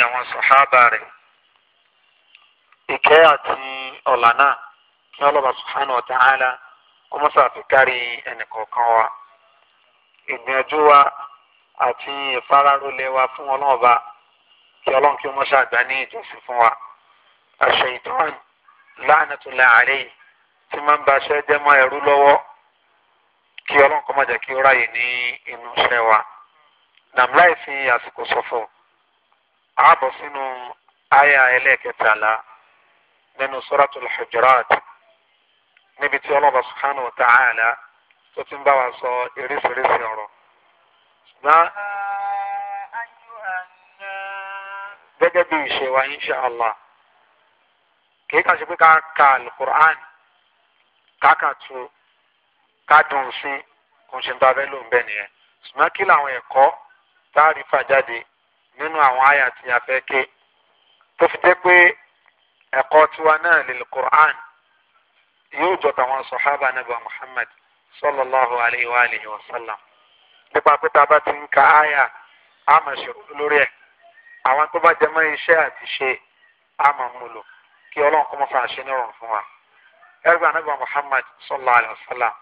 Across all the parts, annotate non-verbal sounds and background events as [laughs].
àti àwọn sàhábà rẹ̀ ìkẹ́ àti ọ̀là náà kí ọlọ́ba subhanahu wa ta'ala kó mọ́ sàfikárì ẹnìkọ̀ọ̀kan wa ìgbìyànjú wa àti ìfararólẹ̀ wa fún ọlọ́ọ̀ba kí ọlọ́run kí ó mọ́ ṣàgbá ní ìjọsìn fún wa àṣẹ ìtọ́n la'natullahi alayhi tí máa ń ba aṣẹ́ jẹ́ mọ́ ẹrú lọ́wọ́ kí ọlọ́run kó má jẹ́ kí ó ráyè ní inú iṣẹ́ wa nàmláì fi àsìkò ṣọ̀fọ̀. àbọ̀ sínú àyà ẹlẹ́ẹ̀kẹtàlá nínú suratul hujurat níbi tí ọlọ́ba subhanahu wa ta'ala ti ń sọ oríṣiríṣi ọ̀rọ̀. ṣùgbọ́n gẹ́gẹ́ bí ìṣe wa insha allah kìí kà sí pé ká ka alukur'an ká kà tu ka nínú àwọn àyà tí a fẹ́ ké tó fi jẹ́ pé ẹ̀kọ́ tiwa náà lè Qur'an yóò jọ tàwọn sọ̀hábà nàbà Muhammad sallallahu alayhi wa alihi wa sallam nípa pé tá a bá ti ń ka àyà a máa ṣòro lórí ẹ̀ àwọn tó bá jẹ mọ́ iṣẹ́ àti ṣe a máa mú lò kí ọlọ́run kọ́ mọ́ fà ṣe ní ọ̀run fún wa ẹgbẹ́ anábì Muhammad sallallahu alayhi wa sallam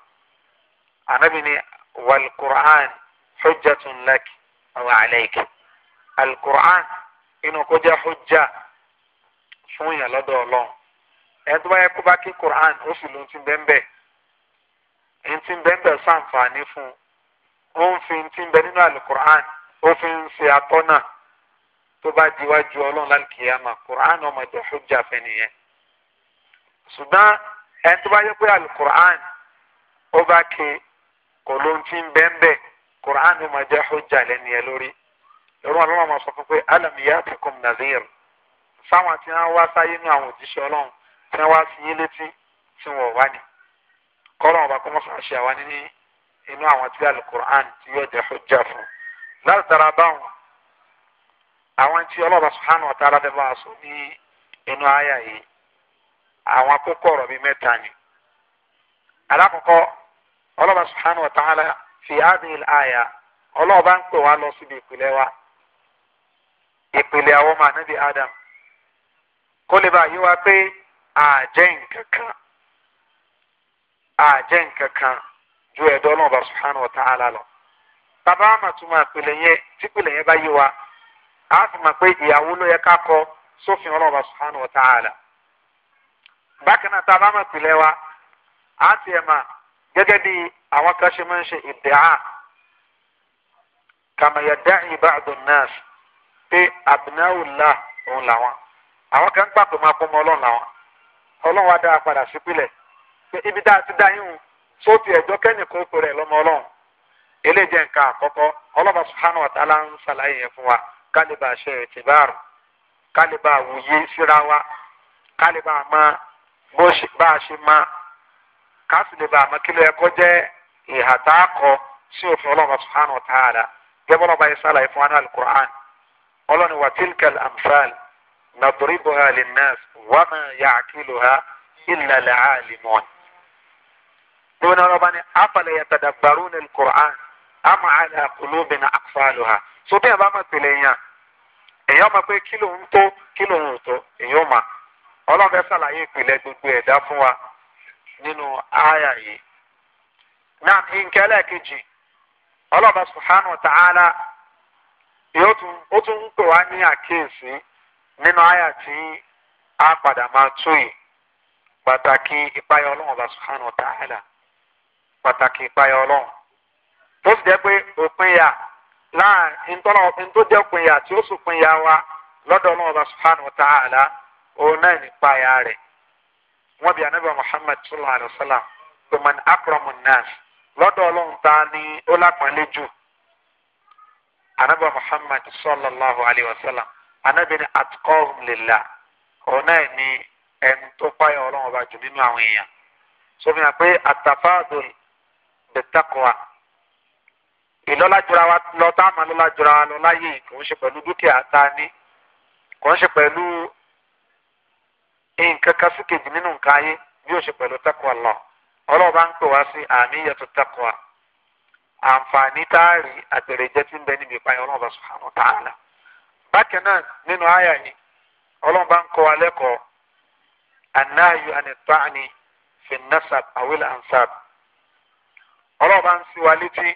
anábì ni wal Qur'an hujjatun lak aw alayka. alukur'an Qur'an kó jẹ́ hujja fun yàn lọ́dọ̀ ọlọ́run ẹni tó bá yẹ kó bá kí kur'an ó sì lóun ti bẹ́ẹ̀ bẹ́ẹ̀ ẹni bẹ́ẹ̀ bẹ́ẹ̀ fún ó ń fi ti nínú ó fi ń ṣe tó bá ọmọ hujja fẹ́ nìyẹn ṣùgbọ́n ẹni tó bá yẹ ó bá kí hujja lórí. ìrọ̀ ọlọ́run máa sọ fún pé alam yatikum nazir sáwọn tí wọ́n wá sáyé nú àwọn òjíṣẹ́ ọlọ́run tí wọ́n wá sí yé létí tí wọ́n wá ní kọ́lọ́n ọba kọ́ mọ́sán ṣe àwa níní inú àwọn tí alukur'an ti yọ jẹ́ hujja fún báwọn àwọn tí a sọ ní inú àyà yìí àwọn akókò ọ̀rọ̀ bíi mẹ́ta ni alákọ̀ọ́kọ́ ọlọ́ba fi ọlọ́ba ìpìlẹ̀ àwọn ọmọ ànábì Adam kó lè bá yí wa pé àjẹ́ nkankan àjẹ́ nkankan ju ẹ̀dọ́ náà bá subhanahu wa ta'ala lọ. bàbá àmàtúmọ̀ ìpìlẹ̀ yẹn típìlẹ̀ yẹn bá yí wa a fi mọ̀ pé ìyàwó ló yẹ ká kọ sófin ọlọ́run bá subhanahu wa ta'ala. bákan náà tá a wa a ti ẹ̀ mà gẹ́gẹ́ bí àwọn kan ṣe máa ń ṣe ìdẹ́hà kàmẹ́yẹ̀dá ìbáàdùn náà pé abinawula òun làwọn àwọn kan ń pé máa pọ́ mọ́ ọlọ́run làwọn ọlọ́run wa dára padà sípìlẹ̀ pé ibi dáa ti dá yín ti sóòtù ẹ̀jọ́ kẹ́nìkan pé rẹ̀ lọ́mọ ọlọ́run eléyìí nǹkan àkọ́kọ́ ọlọ́ba ń ṣàlàyé yẹn fún wa kálíbà ṣe ìtìbáàrù kálíbà wòye síra wa kálíbà bó bá a ṣe kásìlèbà ọlọ́ni wà tilkal amsal nadribuha linnas wa ma ya'qiluha illa al-alimun. ọlọ́ba ni afala yatadabbaruna al-Qur'an am ala qulubin aqfaluha. sọ́tẹ́ ẹ̀ bá máa pèlè yàn èèyàn máa pé kí lòun tó kí lòun tó èèyàn máa ọlọ́run sàlàyé ìpìlẹ̀ gbogbo ẹ̀dá fún wa nínú àyà yìí. kejì ọlọ́ba subhanahu wa ta'ala otu nkọwa tún ń pè wá ní àkíyèsí nínú a padà ọba subhanahu wa ta'ala pataki ìpayọ ọlọ́run tó sì jẹ́ pé òpin yà láàrin tó jẹ́ òpin yà tí ó sì wa lọ́dọ̀ ọlọ́run ọba subhanahu ta'ala òun náà ní ìpayà rẹ̀ wọ́n bí anábìá sallallahu alayhi wa sallam tó anaba muhammad sallallahu alayhi wa sallam anabini atkọ́hùn lillah ọ̀nà ẹni ẹni tó páyà ọlọ́run ọba jù nínú àwọn èèyàn sófin àpé àtàfáàdùn bẹ̀tàkùwà ìlọ́lájúra wa lọ tá a máa lọ́lájúra wa lọ láyé kò ń ṣe pẹ̀lú dúkìá tá a ní kò ń ṣe pẹ̀lú nǹkan kan sí nínú nǹkan ayé bí ó ṣe pẹ̀lú taqwa Allah ọlọ́run bá ń pè wá sí àmì yẹtù taqwa àǹfààní táàrí àtẹ̀lẹ́jẹ́ tí ń bẹ níbi ìpayọ̀ ọlọ́run bá subhanahu wa ta'ala. bákan náà nínú àyà yìí ọlọ́run bá ń kọ́ wa lẹ́kọ̀ọ́ anáyù anìtọ́ni fi nasab awil ansab. ọlọ́run bá ń sí wa létí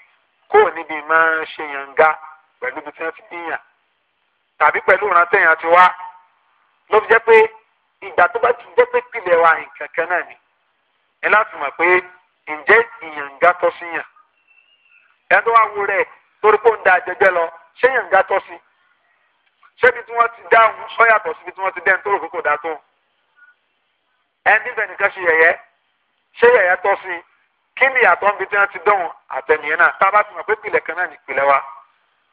kó o níbi máa ń ṣe yànga pẹ̀lú ibi tí wọ́n ti yàn tàbí pẹ̀lú ìrántẹ̀yàn ti wá ló fi jẹ́ pé ìgbà tó bá ti jẹ́ pé pilẹ̀ wa nǹkan kan náà ni ẹ láti mọ̀ pé ǹjẹ́ ìyànga tọ́ sí ẹni tó wá wo rẹ̀ torí kó ń da jẹjẹ lọ ṣé yẹn ń ga tọ́ sí ṣébi tí wọ́n ti dáhùn ó yàtọ̀ síbi tí wọ́n ti dẹ́n tó rò kókò dá tó ẹni bẹ́ẹ̀ nìkan ṣe yẹ̀yẹ́ ṣé yẹ̀yẹ́ tọ́ sí kí ni ìyàtọ̀ níbi tí wọ́n ti dánwò àtẹnìyẹn náà tá a bá ti mọ̀ pé pìlẹ̀ kan náà nìpìlẹ̀ wa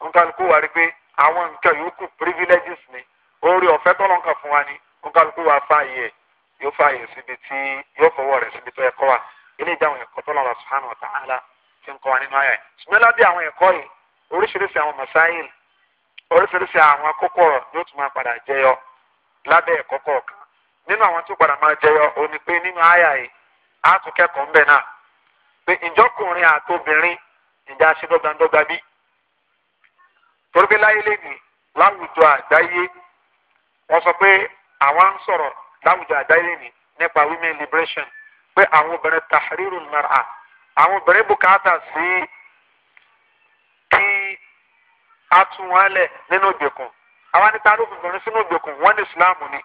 nkálukú wa rí pé àwọn nǹkan yòókù privileges ni orí ọ̀fẹ́ tọ́lọ́nkà fún wa ni nkálukú wa fààyè yóò fààyè síbi tí yóò fọwọ́ rẹ̀ síbi tó yẹ kọ́ wa ilé ìdáhùn ẹ̀kọ́ tọ́lọ́ wa subhanahu wa ta'ala ti ń kọ́ wa nínú ayà yìí ṣùgbọ́n lábẹ́ àwọn ẹ̀kọ́ yìí oríṣiríṣi àwọn masáyìn oríṣiríṣi àwọn kókó yóò tún máa padà jẹyọ lábẹ́ ẹ̀kọ́ kọ̀ọ̀kan nínú àwọn tó padà máa jẹyọ ó pé nínú àyà yìí á tún kẹ́kọ̀ọ́ náà pé ìjọkùnrin ìjà ṣe bí torí pé àwọn obìnrin bùkátà sí kí a tún wọn lẹ̀ nínú ìgbèkùn àwọn anìta ló fòbìnrin sínú ìgbèkùn wọn ní ìsìláàmù ni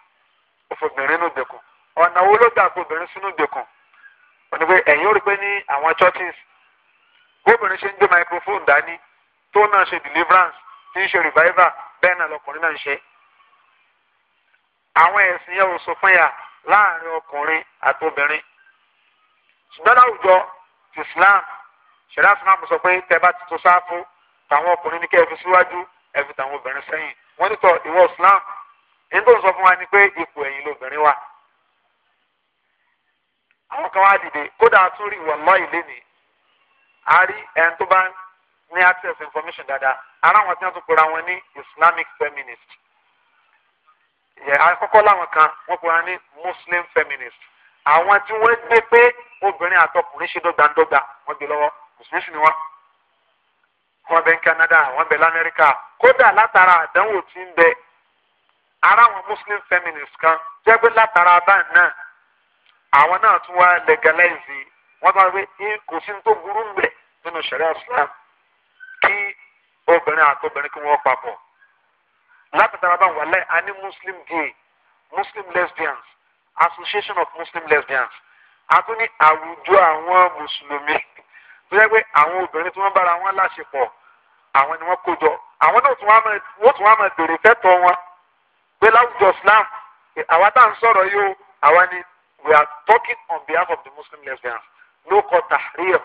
ó fòbìnrin nínú ìgbèkùn ọ̀nà wo ló gbà fòbìnrin sínú ìgbèkùn òní pé ẹ̀yin pé ní àwọn churches gómìnà ṣe ń gbé microphone dání tó náà ṣe deliverance tí ń ṣe revival bẹ́ẹ̀ náà lọkùnrin náà ń ṣe àwọn ẹ̀sìn yẹn ò sọ fún yà láàrin ọkùnrin àtobìnrin ṣùgbọ́n láwùjọ ti Islam ṣẹlẹ Islam sọ pé tẹ bá ti tó sáfù táwọn ọkùnrin ní kẹ́ ẹ fi síwájú ẹ fi táwọn obìnrin sẹ́yìn wọ́n ní tọ ìwọ Islam èyí tó ń sọ fún wa ni pé ipò ẹ̀yìn lobìnrin wà àwọn kan wá dìde kódà a tún rí ìwà lọ́ọ̀yì lẹ́nìí a rí ẹni tó bá ní access information dáadáa ara wọn tí wọn tún pera wọn ní islamic feminist yẹ àkọ́kọ́ láwọn kan wọ́n pera ní muslim feminist àwọn tí wọ́n gbé pé obìnrin àtọkùnrin ṣe dọ́gbandọ́gba wọ́n gbé lọ́wọ́ mùsùlùmí ni wọ́n wọ́n bẹ ní Canada wọ́n bẹ l'Amẹ́ríkà kódà látara àdánwò tí ń bẹ ara àwọn muslim feminists kan jẹ́ pé látara báyìí náà àwọn náà tún wá legalize wọ́n bá wí kò sí tó burú ń bẹ nínú sharia Islam kí obìnrin àtọbìnrin kí wọ́n papọ̀ látara báyìí wàlẹ́ àní muslim gay muslim lesbians association of muslim lesbians àtún ní àwùjọ àwọn mùsùlùmí tó yẹ pé àwọn obìnrin tí wọ́n bára wọn láṣepọ̀ àwọn ni wọ́n kó jọ àwọn náà tún wá máa dèrò fẹ́tọ̀ọ́ wọn pé láwùjọ islam àwa tá à ń sọ̀rọ̀ yìí o àwa ni we are talking on behalf of the muslim lesbians No ló kọ tahrir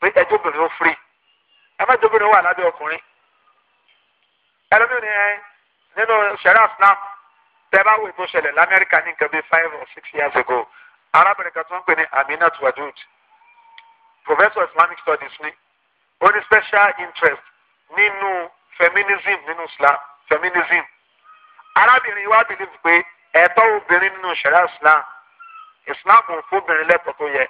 pé ẹjọ́ obìnrin ó free ẹ má jẹ́ obìnrin wà lábẹ́ ọkùnrin ẹlẹ́mìíràn nínú sharia islam tẹ́lá wo ètò ṣẹlẹ̀ lamẹ́ríkà ní nǹkan bíi five or six years ago arábìnrin kan tó ń pè ní Aminat Wadud professor Islamic studies ní ó ní special interest nínú feminism nínú Islam feminism arábìnrin wa believe pé ẹ̀tọ́ obìnrin nínú sharia Islam Islam ò fóbìnrin lẹ́tọ̀ọ́ tó yẹ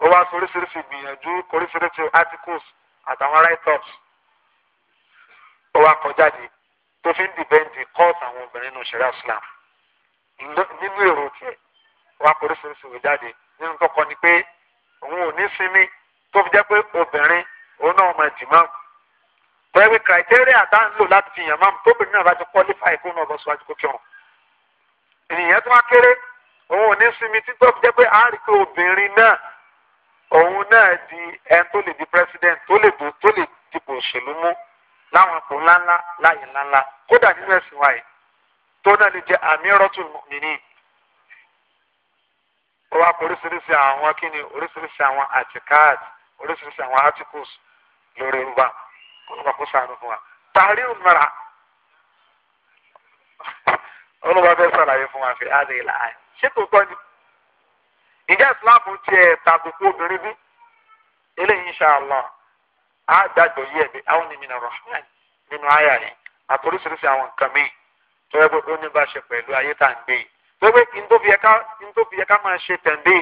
ó wá sọ oríṣiríṣi ìgbìyànjú oríṣiríṣi articles àtàwọn write-ups ó wá kọ jáde tó fi ń dìbẹ́ǹtì kọ́ọ̀tù àwọn obìnrin nù ṣẹ̀rẹ́ islam nínú èrò tiẹ̀ wá poríṣiríṣi ìwé jáde nínú tó kọ ni pé òun ò ní sinmi tó fi jẹ́ pé obìnrin òun náà máa dì máa pẹ̀lú kìrìtẹ́rìà tá à ń lò láti fìyàn máa tóbìnrin náà bá ti kọ́lífà ìkó náà bọ́ síwájú kó kírun ènìyàn tó wá kéré òun ò ní sinmi títọ́ fi jẹ́ pé a rí pé obìnrin náà òun náà di ẹni tó lè di president tó lè dipò òṣèlú mú láwọn ipò ńláńlá láyè ńláńlá kódà nínú ẹ̀sìn wa tó náà lè jẹ́ amiratul mu'minin ó wá pọ̀ oríṣiríṣi àwọn kíni oríṣiríṣi àwọn oríṣiríṣi àwọn articles lórí yorùbá kó ló kó sànù fún wa tààrí òmìnira bẹ́ẹ̀ sàlàyé fún wa fi àdé ṣé a dájọ yí ẹbí àwọn ní mina rahman nínú àyà yìí àtòrísìírísìí àwọn nǹkan míì tó yẹ kó ní bá ṣe pẹ̀lú ayé tá à ń gbé yìí tó pé ntòfi yẹ ká máa ṣe tẹ̀ǹdé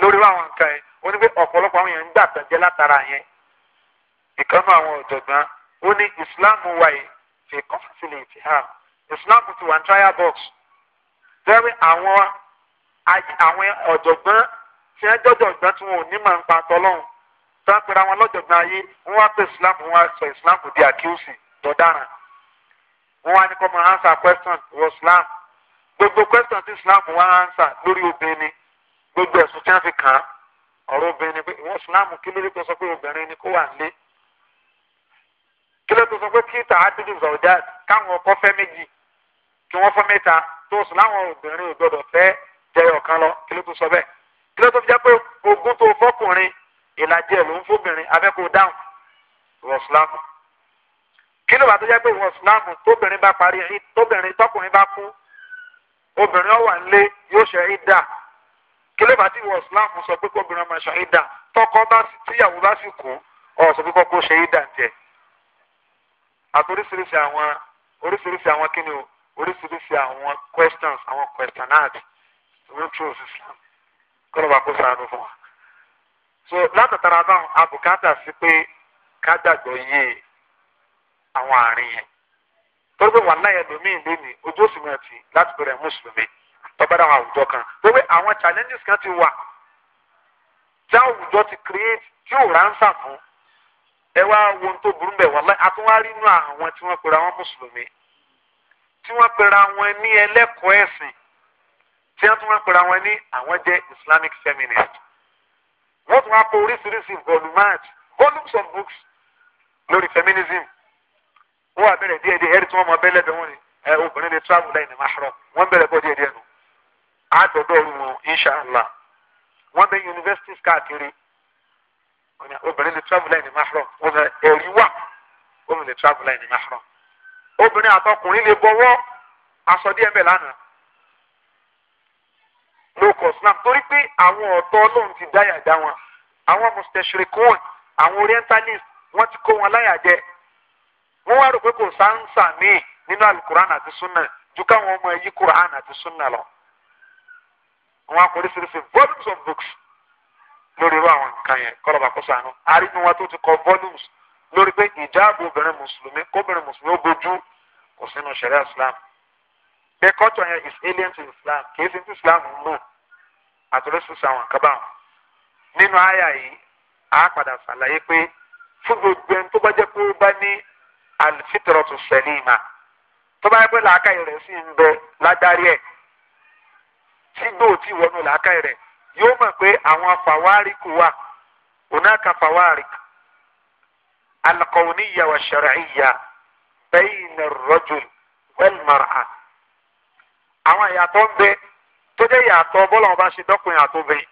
lórí àwọn nǹkan yẹn ó ní pé ọ̀pọ̀lọpọ̀ àwọn èèyàn ń gbà tẹ̀jẹ́ látara yẹn ìkànnì àwọn ọ̀jọ̀gbọ́n ó ní ìsìláàmù wa yìí fi kọ́fàsílẹ̀ ìtì hà ìsìláàmù ti wà ní trial box lẹ́rìí àwọn ọ̀jọ̀gbọ́n tí wọ́n jọ́jọ̀gbọ́n tí wọn ò ní màá ń pa tọ́lọ́hún sápẹ̀rẹ̀ àwọn ọlọ́jọ̀gbọ́n ayé wọ́n wá pè islam wọ́n wá sọ islam di àkíyèsí lọ́daràn wọ́n wá ní kọ́ mọ answer question wọ islam gbogbo question tí islam wá answer lórí obìnrin gbogbo ẹ̀sùn tí wọ́n fi kàn án ọ̀rọ̀ obìnrin pé ìwọ́n islam kí ló dé sọ pé obìnrin ni kó wà nílé kí ló tó sọ pé kí tàádìdì zọ̀dá káwọn ọkọ fẹ́ méjì kí wọ́n fẹ́ mẹ́ta tó sùn láwọn obìnrin ò gbọdọ̀ fẹ́ jẹyọ̀ kan lọ kí ló tó sọ bẹ́ẹ̀ kí ló tó fi jẹ́ pé ogún tó fọkùnrin ìlàjì ẹ̀ ló ń fóbìnrin abẹ́kọ̀ọ́ dáhùn wọ̀ sílámù kí ló bá tó jẹ́ pé wọ̀ sílámù tóbìnrin bá parí ẹ̀ tóbìnrin tọkùnrin bá kú obìnrin ó wà nílé yóò ṣe ìdá kí ló bá tí wọ̀ sílámù sọ pé kóbìnrin máa ṣe ìdá tọkọ bá tíyàwó bá sì kú ọ̀ sọ pé kọ́kọ́ ṣe ìdá tiẹ̀ àtòríṣiríṣi àwọn oríṣiríṣi àwọn kíni o oríṣiríṣi àwọn questions àwọn questionnaires ló ń tún òṣìṣẹ́ kọ́ ló bá kó sàánú fún wa so látàtàrà báwọn abùkátà sí pé ká gbàgbọ́ yé àwọn àárín yẹn tó gbé wàhálà yẹn lómìn lónìí ojú òsì mìíràn tì láti bẹ̀rẹ̀ mùsùlùmí tọ́gbà dáhùn àwùjọ kan tó gbé àwọn challenges kan ti wà tí àwùjọ ti create tí ò ránṣà fún ẹ wá wo ohun tó burú bẹ̀ wàhálà àtúwárí inú àwọn tí wọ́n pera wọn mùsùlùmí tí wọ́n pera wọn ní ẹlẹ́kọ̀ọ́ ẹ̀sìn tí wọ́n pera wọn ní àwọn jẹ́ Islamic feminist wọ́n tún wá pọ̀ oríṣiríṣi volume volumes of books lórí feminism wọ́n wà bẹ̀rẹ̀ díẹ̀ díẹ̀ ẹ̀rí tí wọ́n mọ abẹ́lẹ̀ bẹ̀ wọ́n ni ẹ obìnrin ni travel láì ní mahram wọ́n bẹ̀rẹ̀ bọ́ díẹ̀ díẹ̀ nù àtọ̀dọ̀ ọ̀run wọn inshàlá wọ́n bẹ universities káàkiri obìnrin ni travel láì ní mahram wọ́n bẹ ẹ̀rí wà obìnrin ni travel láì ní mahram obìnrin àtọkùnrin lè bọ́wọ́ aṣọ díẹ̀ mẹ́ lánàá low cost náà torí pé àwọn ọ̀tọ̀ ọlọ́run ti dáyà dá wọn àwọn mustachirikun àwọn orientalist wọ́n ti kó wọn láyà jẹ wọ́n wá rò pé kò sáńsà míì nínú alukuran àti sunna ju káwọn ọmọ ẹ̀yí kuran àti sunna lọ wọn akọ oríṣiríṣi volumes of books lórí irú àwọn nǹkan yẹn kọlọ bá kó sànú àríwí wọn tó ti kọ volumes lórí pé ìjáàbò obìnrin mùsùlùmí kóbìnrin mùsùlùmí ó bójú kò sínú sẹ̀ríà islam pé culture yẹn is alien to Islam kìí ṣe Islam mọ̀ àtúrẹ́sùsù àwọn àkàbà wọn. nínú àyà a padà ṣàlàyé pé fún gbogbo ẹni tó bá jẹ́ pé ó bá ní alifitrọ̀tù sẹ́lìmà tó bá yẹ pé làákàyè rẹ̀ sì ń bẹ ire ẹ̀ tí gbòòtì wọnú làákàyè yóò pé àwọn wà onáka wa shar'iyya bayna ar mar'a. àwọn ìyàtọ̀ ń bẹ tó jẹ́ ìyàtọ̀ bọ́ọ̀lù ọba ṣe dọ́kùnrin àtòbìnrin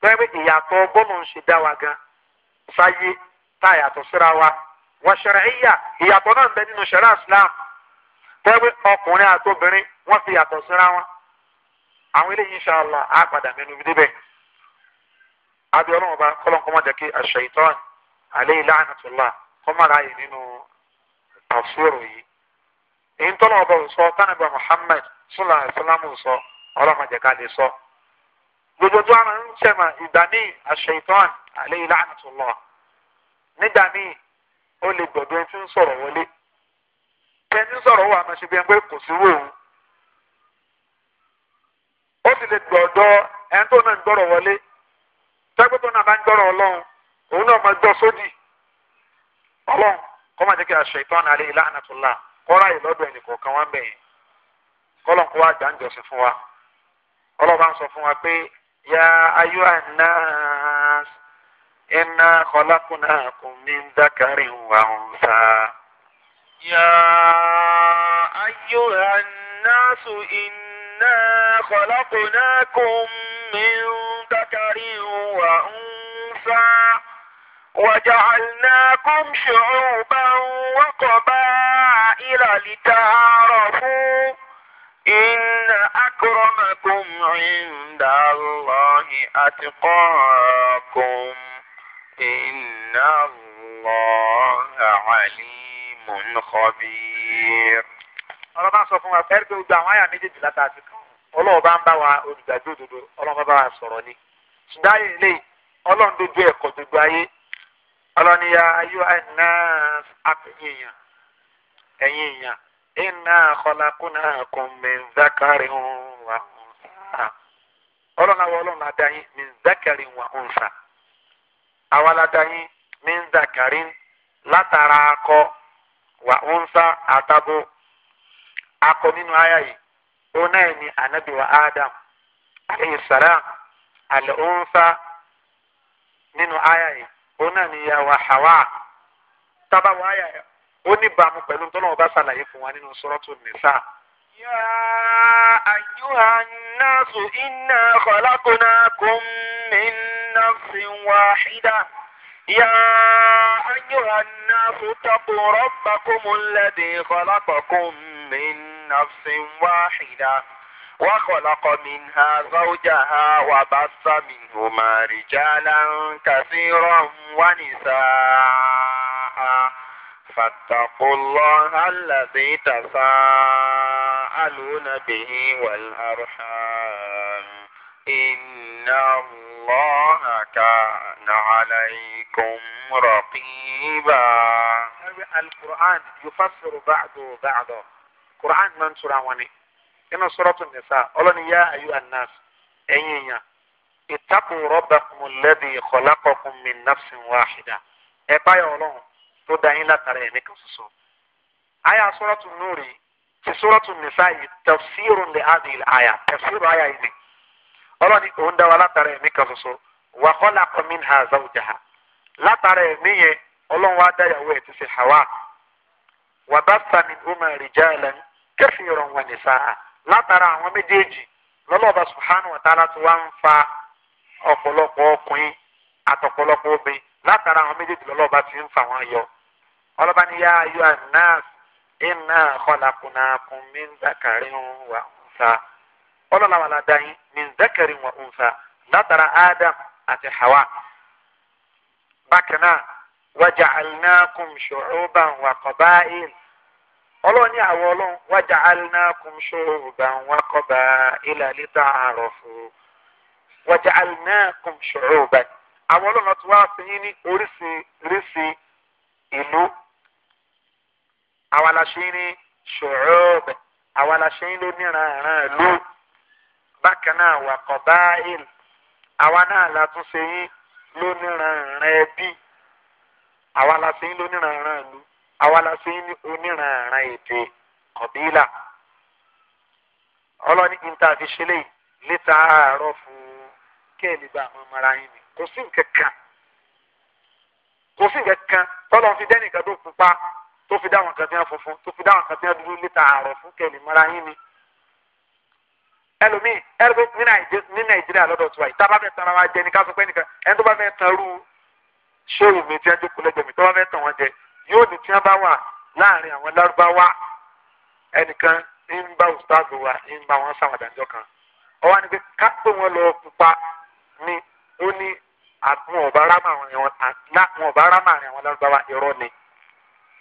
bọlọmba bí ìyàtọ̀ bọ́ọ̀lù ń ṣe dá wa gan sáyé tá ìyàtọ̀ síra wa wọ́n ṣẹ̀rẹ̀ ìyà ìyàtọ̀ náà ń bẹ nínú islam ọkùnrin wọ́n fi ìyàtọ̀ síra wọn àwọn eléyìí inṣàlá á mẹ́nu bí débẹ̀ àbí ọlọ́run sụlọ ìsọlámù sọ ọlọ́mọdé ká sọ. gbogbo tó àwọn ń sẹ́mà ìgbà míì àṣeyìtàn àlẹ́ ilá àtúntò nígbà míì ó lè gbọ̀dọ̀ tí ń sọ̀rọ̀ wọlé tẹ́ni sọ̀rọ̀ ṣe bí ẹni kò sí wò ó sì lè ẹni tó náà ń wọlé náà bá ń òun náà máa sódì kọ́ máa jẹ́ kí kọ́lọ̀ kó wá gbàǹjọ sí fún wa kọ́lọ̀ bá ń sọ fún wa pé ya ayyuhan nas inna khalaqnakum min dhakarin wa untha. ya ayyuhan nas inna khalaqnakum min dhakarin wa untha وجعلناكم شعوبا وقبائل لتعارفوا إن أكرمكم عند الله أتقاكم إن الله عليم خبير ọlọ́ba sọ fún wa fẹ́ẹ́ gbé gbogbo àwọn àyà méjèèjì látàkì kan ọlọ́ọ̀bá ń bá wa olùgbàgbé òdodo ọlọ́ọ̀bá bá wa sọ̀rọ̀ ni ṣùgbọ́n ayé ilé ọlọ́run dojú ẹ̀kọ́ gbogbo ayé èèyàn ẹ̀yìn èèyàn iná kọlákúnà kùnmínzákàrí wà ọ̀nsá ọlọ́run àwọn ọlọ́run la dá yín mínzákàrí wà ọ̀nsá àwa la dá yín mínzákàrí látara akọ wà ọ̀nsá àtàbò akọ nínú àyà yìí ó náà ní anabi wa Adam aleyhi salam alẹ́ nínú àyà yìí ó náà ní ìyá wa Hawa tábà wọ yìí ó ní bàmú pẹ̀lú tọ́lọ́ ọba ṣàlàyé fún wa nínú sọ́rọ́tò nìsà. yà á yúhà náà sùn iná kọ̀lákùnà kún mi náà sí wàhídà. يا أيها الناس اتقوا ربكم الذي خلقكم من نفس واحدة وخلق منها زوجها وبث منهما رجالا كثيرا ونساء فاتقوا الله الذي تساءلون به والأرحام إن الله كان عليكم رقيبا القرآن يفسر بعضه بعض القرآن من سورة وني إن سورة النساء أولاً يا أيها الناس أيها اتقوا ربكم الذي خلقكم من نفس واحدة ẹ إيه báyọ̀ tó dá yín látara ẹ̀mí kan Aya àyà sọ́rọ́tù nùrì ti sọ́rọ́tù nìsa yìí tafsiru ní adìl àyà tafsiru àyà yìí ni ọlọ́ni òun dá wa látara ẹ̀mí kan ṣoṣo wa khalaqa minha zawjaha látara ẹ̀mí yẹn ọlọ́run wa dá ẹ̀ ti Hawa wa látara àwọn méjèèjì ń fa ọ̀pọ̀lọpọ̀ ọkùnrin àtọ̀pọ̀lọpọ̀ obìnrin látara àwọn méjèèjì ti ń fa wọn yọ ọlọ́ba ni yá ayọ́ anas iná kọlákùnàkùn mi ń zákàrí wà ń sa ọlọ́la wà ń zákàrí wà ń látara àti Hawa bákan wájà alinakum ṣòroba wà kọ́báìl ọlọ́ni àwọn ọlọ́run wájà alinakum ṣòroba wà kọ́báìl àlítà àròfò wájà ṣòroba àwọn yín àwa la ṣe ní ṣòro àwa la ṣe ní lóníranran ìlú bákan náà wà kọ̀báìl àwa náà la tún ṣe yín ẹbí àwa la ṣe yín lóníranran ìlú àwa la ṣe yín oníranran èdè kọ̀bílà ọlọ́ni kí n ta fi ṣe léyìí létà àárọ̀ fún kẹ́ẹ̀lì bá àwọn ọmọ ara yín ni kò sí nǹkan kan fi dẹ́nìkan tó pupa. tó fi dáwọn kan tí wọn funfun tó fi dáwọn kan tí wọn dúró níta ààrẹ fún kẹlẹ mọra yín ni. ẹlòmíì ẹlòmíì ní nàìjíríà lọ́dọ̀ tiwa yìí tábà bẹ́ẹ̀ tara wa jẹ ní káfíńpẹ́ nìkan ẹni tó bá fẹ́ tan irú ṣóòwò mi tí wọ́n jókòó lẹ́jọ́ mi tó bá fẹ́ tàn wọ́n jẹ yóò ní tí wọ́n bá wà láàrin àwọn lárúbáwá ẹnìkan ń bá ustaz wa ń bá wọn sáwọn àdájọ́ kan ọwọ́ ni pé ká pé wọ́n lọ pupa ni ó ní àwọn ọ̀bá rámà àwọn lárúbáwá irọ́ ni.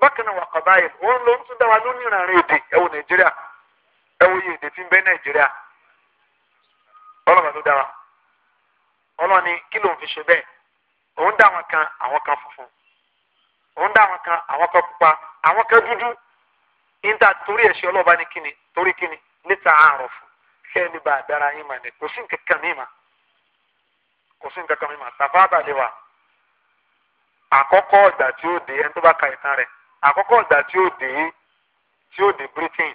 bákan náà wà kọ̀bá wọ́n ló ń tún dá wa lónìí èdè ẹ wo nàìjíríà ẹ wo iye èdè tí ń bẹ nàìjíríà ọlọ́run dá wa ni kí fi ṣe bẹ́ẹ̀ òun dá kan àwọn funfun òun dá kan pupa àwọn kan dúdú níta torí ẹ̀ṣẹ̀ ọlọ́ba ní kíni torí kíni níta àárọ̀ fún bá dára yín mà ní kò sí akụkọ ìgbà tí ó dé tí ó dé Britain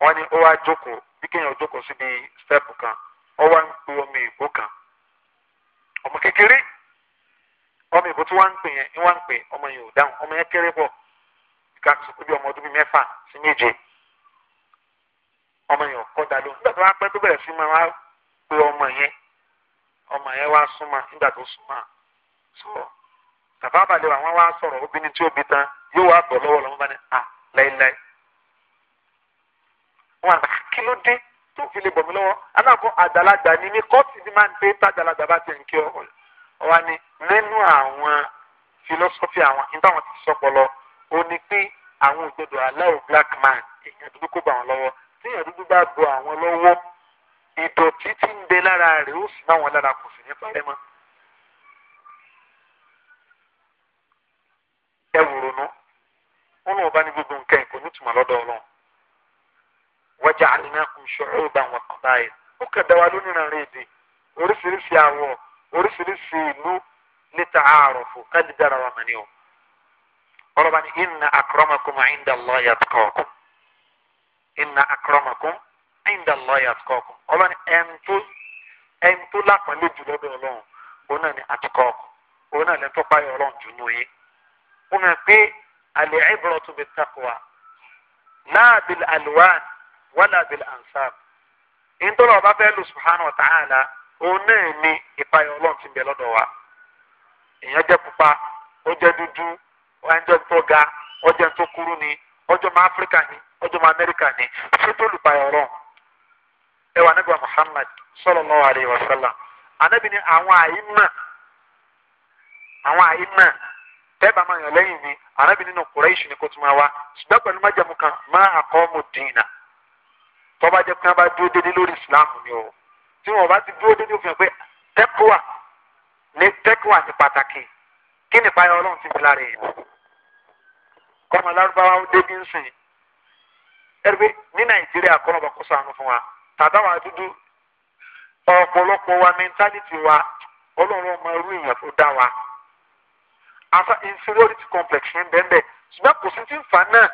wọ́n ní ó wá jókòó bí kéèyàn jókòó síbi stẹ́ẹ̀pù kan ó wá ń pe ọmọ ìbò kan ọmọ kékeré ọmọ ìbò tí wọ́n ń pè yẹn ni wọ́n ń pè ọmọ yẹn ò dáhùn ọmọ yẹn kéré pọ̀ bí ọmọ ọkọ dá lóhùn nígbà tó wá pẹ́ tó bẹ̀rẹ̀ sí máa wá ọmọ yẹn ọmọ yẹn wá súnmọ́ tàfà balẹ̀ àwọn wa sọ̀rọ̀ obìnrin tí ó bi tán yóò wá bọ̀ lọ́wọ́ lọ́wọ́ bá ní à ah, láéláé wọn àgbà ah, kí ló dé tó fi lè bọ̀ mí lọ́wọ́ aláàbọ̀ àgbàlagbà ni mí kọ́ọ̀tì ni máa ń dé tàgbàlagbà bá ti ń kí ọwọ́ ni nínú àwọn filosofi àwọn nígbà wọn ti sọpọlọ ó ní pé àwọn òdodo aláwọ black man èèyàn dúdú kó bá wọn lọ́wọ́ tí èèyàn dúdú bá bọ àwọn lọ́wọ́ ìdọ̀tí tí ń bẹ lára rẹ̀ ó sì máa wọn lára kò sì ní parẹ́ mọ́. ẹwù ronú ọ̀nà ụba ní nke nǹkan kò ní tùmọ̀ lọ́dọ̀ ọlọ́run wọ́jà ànínákùn ṣòro bá wọn kàn báyìí ó kà dá wa lónìí ràn rìn èdè oríṣiríṣi àwọn oríṣiríṣi ìlú níta àárọ̀ fò káàdì dára wa mọ̀ o ọlọ́ba ní inna akramakum inda inna akramakum inda ó pe pé àlẹ́ ẹ̀bùrọ̀ tó bẹ takwa náà bìlì àlùwà wàlà bìlì ànsá ìtọ́lọ̀ subhanahu wa ta'ala òun náà ní ìpayọ̀ ọlọ́run ti bẹ̀ lọ́dọ̀ wa èèyàn pupa ó jẹ́ dúdú ọjọ́ tó ga ni ọjọ́ mọ ni ọjọ́ mọ ni muhammad sallallahu tẹ́ẹ̀bà máa yàn lẹ́yìn mi arábìnrin nínú Quraish ni kó tún máa wá ṣùgbọ́n pẹ̀lú májàmú kan máa àkọ́mù dìínà tọ́ba jẹ́ pé wọ́n Islam ni o tí wọ́n bá ti dúró dédé òfin pé tẹ́kùwà ní tẹ́kùwà ní pàtàkì kí ni ìpayà Ọlọ́run ti fi lára èèyàn kọ́mọ lárúbáwá débi ń sìn pé ní Nàìjíríà wa wa wa Ọlọ́run afa inferiority complex ní bẹ́ẹ̀ ṣùgbọ́n kò sí ti ń fa náà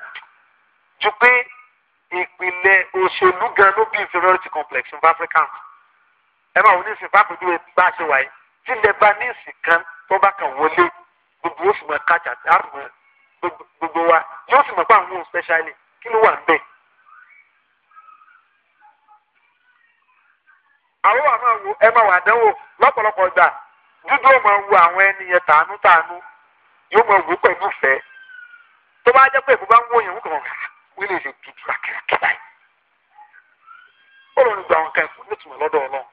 ju pé ìpìlẹ̀ òṣèlú gan ló bí inferiority complex ní african ẹ máa wọ ní ìsìn fàpẹ́jú bá a ṣe wáyé tí lebanese kan tó bá kàn wọlé gbogbo ó sì mọ kájà àrùn gbogbo wa yóò sì mọ pé àwọn ohun specially kí ló wà ń bẹ̀. àwọn wà máa wo ẹ máa wà dánwò lọ́pọ̀lọpọ̀ gbà dúdú ò máa wo àwọn ẹni yẹn tàánú tàánú yóò mọ wò pẹ̀lú fẹ́ tó bá jẹ́ pé èmi bá ń wò yẹn wọ́n kàn wọ́n lè ṣe tutù àkìràkì báyìí. bọ́lá olùgbà wọn kan ní tùmọ̀ lọ́dọ̀ ọlọ́run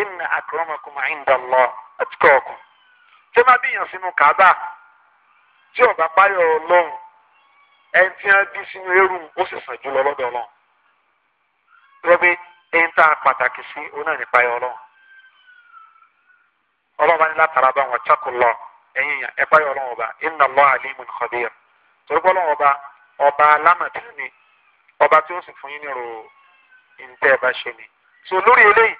inna akramakum inda Allah láti kọ́ ọkàn tí má bíyàn sínú kàbá tí ọ̀bà páyọ̀ ọlọ́run ẹni tí wọ́n bí sínú eérú ó sì sàn jùlọ lọ́dọ̀ ọlọ́run. rọ́bì ẹni tá a pàtàkì sí onáà nípa ẹ̀ ọlọ́run ọlọ́run bá ní látara bá wọn ẹ̀yin yẹn ẹ páyọ̀ ọlọ́run ọba inna Allaha alimun khabir torí pé ọlọ́run ọba ọba alámọ̀tí ni ọba tí ó sì fún yín nírò ntẹ́ ẹ bá ṣe ni so lórí eléyìí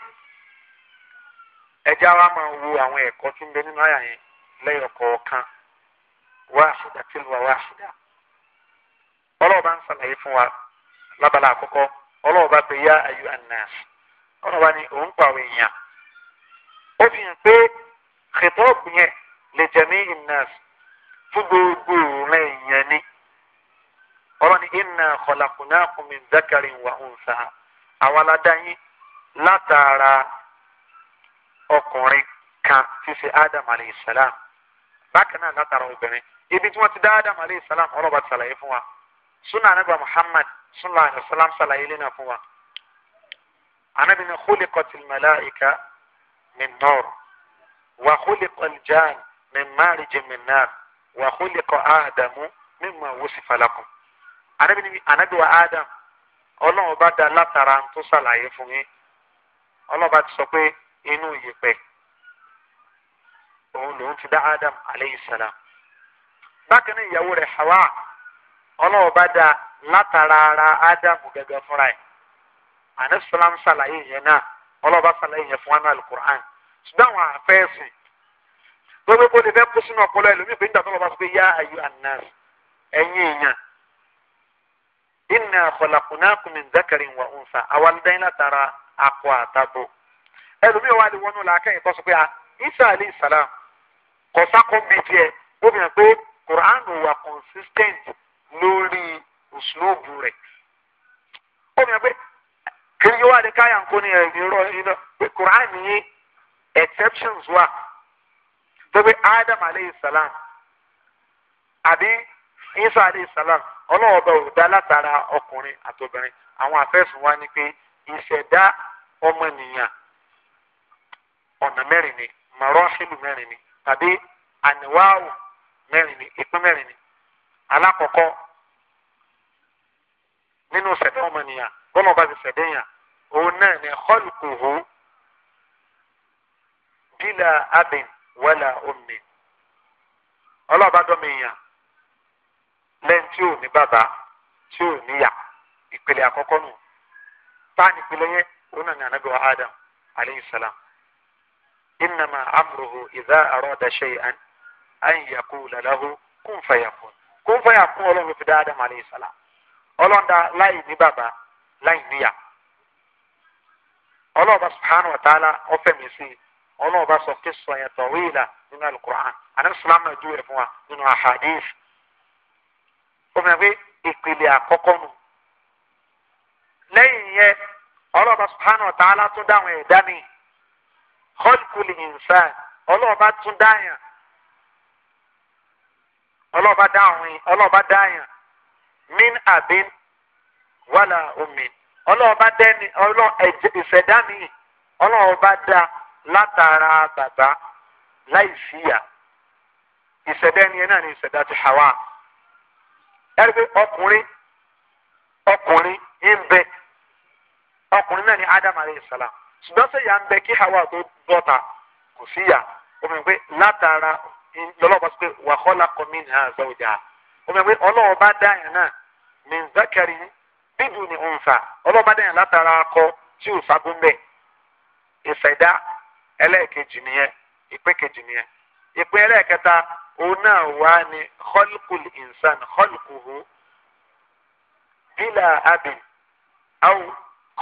ẹjẹ́ wa máa wo àwọn ẹ̀kọ́ tí ń bẹ nínú àyà yẹn lẹ́yìn tí ń sàlàyé wa lábala àkọ́kọ́ yá ayú anas òun pa àwọn èèyàn ó lẹjẹmí ìnàs fún gbogbo rẹ yẹn ni ọlọ́ni ìnà khalaqnakum min dhakarin wa unsa àwa la dá yín látara ọkùnrin kan tí ṣe Adam alayhi salam bákan náà látara obìnrin ibi tí wọ́n ti dá Adam alayhi salam ọlọ́ba ṣàlàyé fún wa sunna anabi Muhammad sunna alayhi ṣàlàyé lẹ́nà fún wa anabi ni khuliqatil malaika min nur wa khuliqal jan. min marijin min nar wa khuliqa adamu mimma wusifa lakum anabi ni anabi adam ọlọ́run ọba da látara tó ṣàlàyé fún yín ọlọ́run bá ti sọ pé inú òun lòun ti dá adam aleyhi salam bákan náà ìyàwó hawa ọlọ́run ọba da látara ara adam gẹ́gẹ́ fúnra ẹ̀ anabi salam ṣàlàyé yẹn náà gbogbo kó lè fẹ́ kó sínú ọpọlọ ẹlòmíì pé nígbà tó lọ́ba sọ pé yá ayú anas ẹ̀yin èèyàn inna khalaqnakum min dhakarin wa unsa awaldain latara akọ àtàbọ̀ ẹlòmíì wà lè sọ pé a ah, isa alayhi salam kò tiẹ̀ ó pé quran wà lórí rẹ̀ ó pé kiri káyà ni tẹ́gbẹ́ adam aleyhi salam àbí isa aleyhi salam ọlọ́wọ́ bá òdá látara ọkùnrin àtobìnrin àwọn àfẹ́sùn wa ni pé ìṣẹ̀dá ọmọnìyàn ọ̀nà mẹ́rin ni mọ̀rọ́ṣìlù mẹ́rin ni tàbí àníwáwò mẹ́rin ni ìpín mẹ́rin ni alákọ̀ọ́kọ́ nínú ṣẹ̀dá ọmọnìyàn bọ́lá ọba ti ṣẹ̀dá èèyàn òun náà ni khulquhu bila abin wala ummi ọlọ́ọ̀bá dọ́mi èèyàn lẹ́yìn tí ò ní bàbá tí ò níyà ìpele àkọ́kọ́ nù táà nípele yẹn òun náà ní anábìwá Adam aleyhi salam innama amruhu idha arada shay'an an yaqula lahu kun fayakun kun fayakun ọlọ́run fi dá Adam aleyhi salam ọlọ́run dá láì ní bàbá láì níyà ọlọ́ọ̀bá subhanahu wa ta'ala ọ̀fẹ́ mi sí i. ọlọ́run bá sọ kí sọ yẹn tọ̀wé ìlà nínú alukur'an ànábì sọlámù náà júwèé fún wa nínú ahadif ó fi hàn pé ìpele àkọ́kọ́ nù lẹ́yìn yẹn ọlọ́run bá subhanahu wa ta'ala tún dá àwọn ẹ̀dá mi khalqul insan ọlọ́run bá tún dá yàn ọlọ́run bá dá àwọn ọlọ́run bá dá yàn min abin wàlà omi ọlọ́run bá dẹ́ni ọlọ́run ẹ̀jẹ̀ ìfẹ̀dá mi ọlọ́run bá dá. látara bàbá láì síyà ìṣẹ̀dá ẹni náà ni ìṣẹ̀dá ti Hawa ẹ̀rí pé ọkùnrin ọkùnrin ń bẹ ọkùnrin náà ni Adam alayhi ṣùgbọ́n sẹ́ ya ń bẹ kí Hawa tó bọ́ta kò síyà omi pé látara lọ́lọ́ba sọ pé wa khalaqa minha zawjaha obìnrin pé náà látara akọ tí ẹlẹ́ẹ̀kejì nìyẹn ìpín kejì nìyẹn ìpín ẹlẹ́ẹ̀kẹta òun náà wà ní khalqul insan khalquhu bila abin aw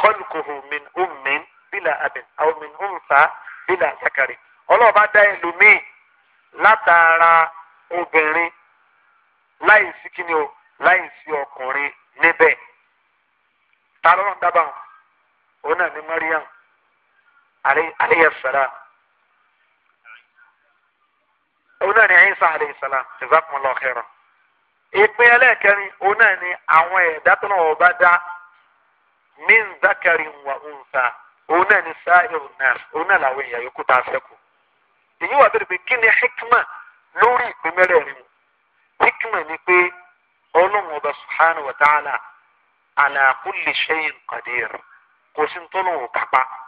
khalquhu min ummin bila abin aw min unsa bila zakari ọlọ́ọ̀bá dá ẹlòmíì látara obìnrin láì sí kíni o láì sí ọkùnrin níbẹ̀ ta ló ń dábàá òun náà ní Mariam aleyhi salam òun náà ni Isa aleyhi salam jazakumullahu khairan ìpín ẹlẹ́ẹ̀kẹrin òun náà ni àwọn ẹ̀dá tó náà ọba dá min zakarin wa unsa òun náà ni sáírù náà òun náà làwọn èèyàn yòókù tá a fẹ́kù èyí wà bẹ́ẹ̀ pé kí ni hikma lórí ìpín mẹ́rẹ̀ẹ̀rin hikma ni pé ọlọ́run ọba subhanahu wa ta'ala ala kulli shay'in qadir kò sí ní tọ́lọ́run kápá.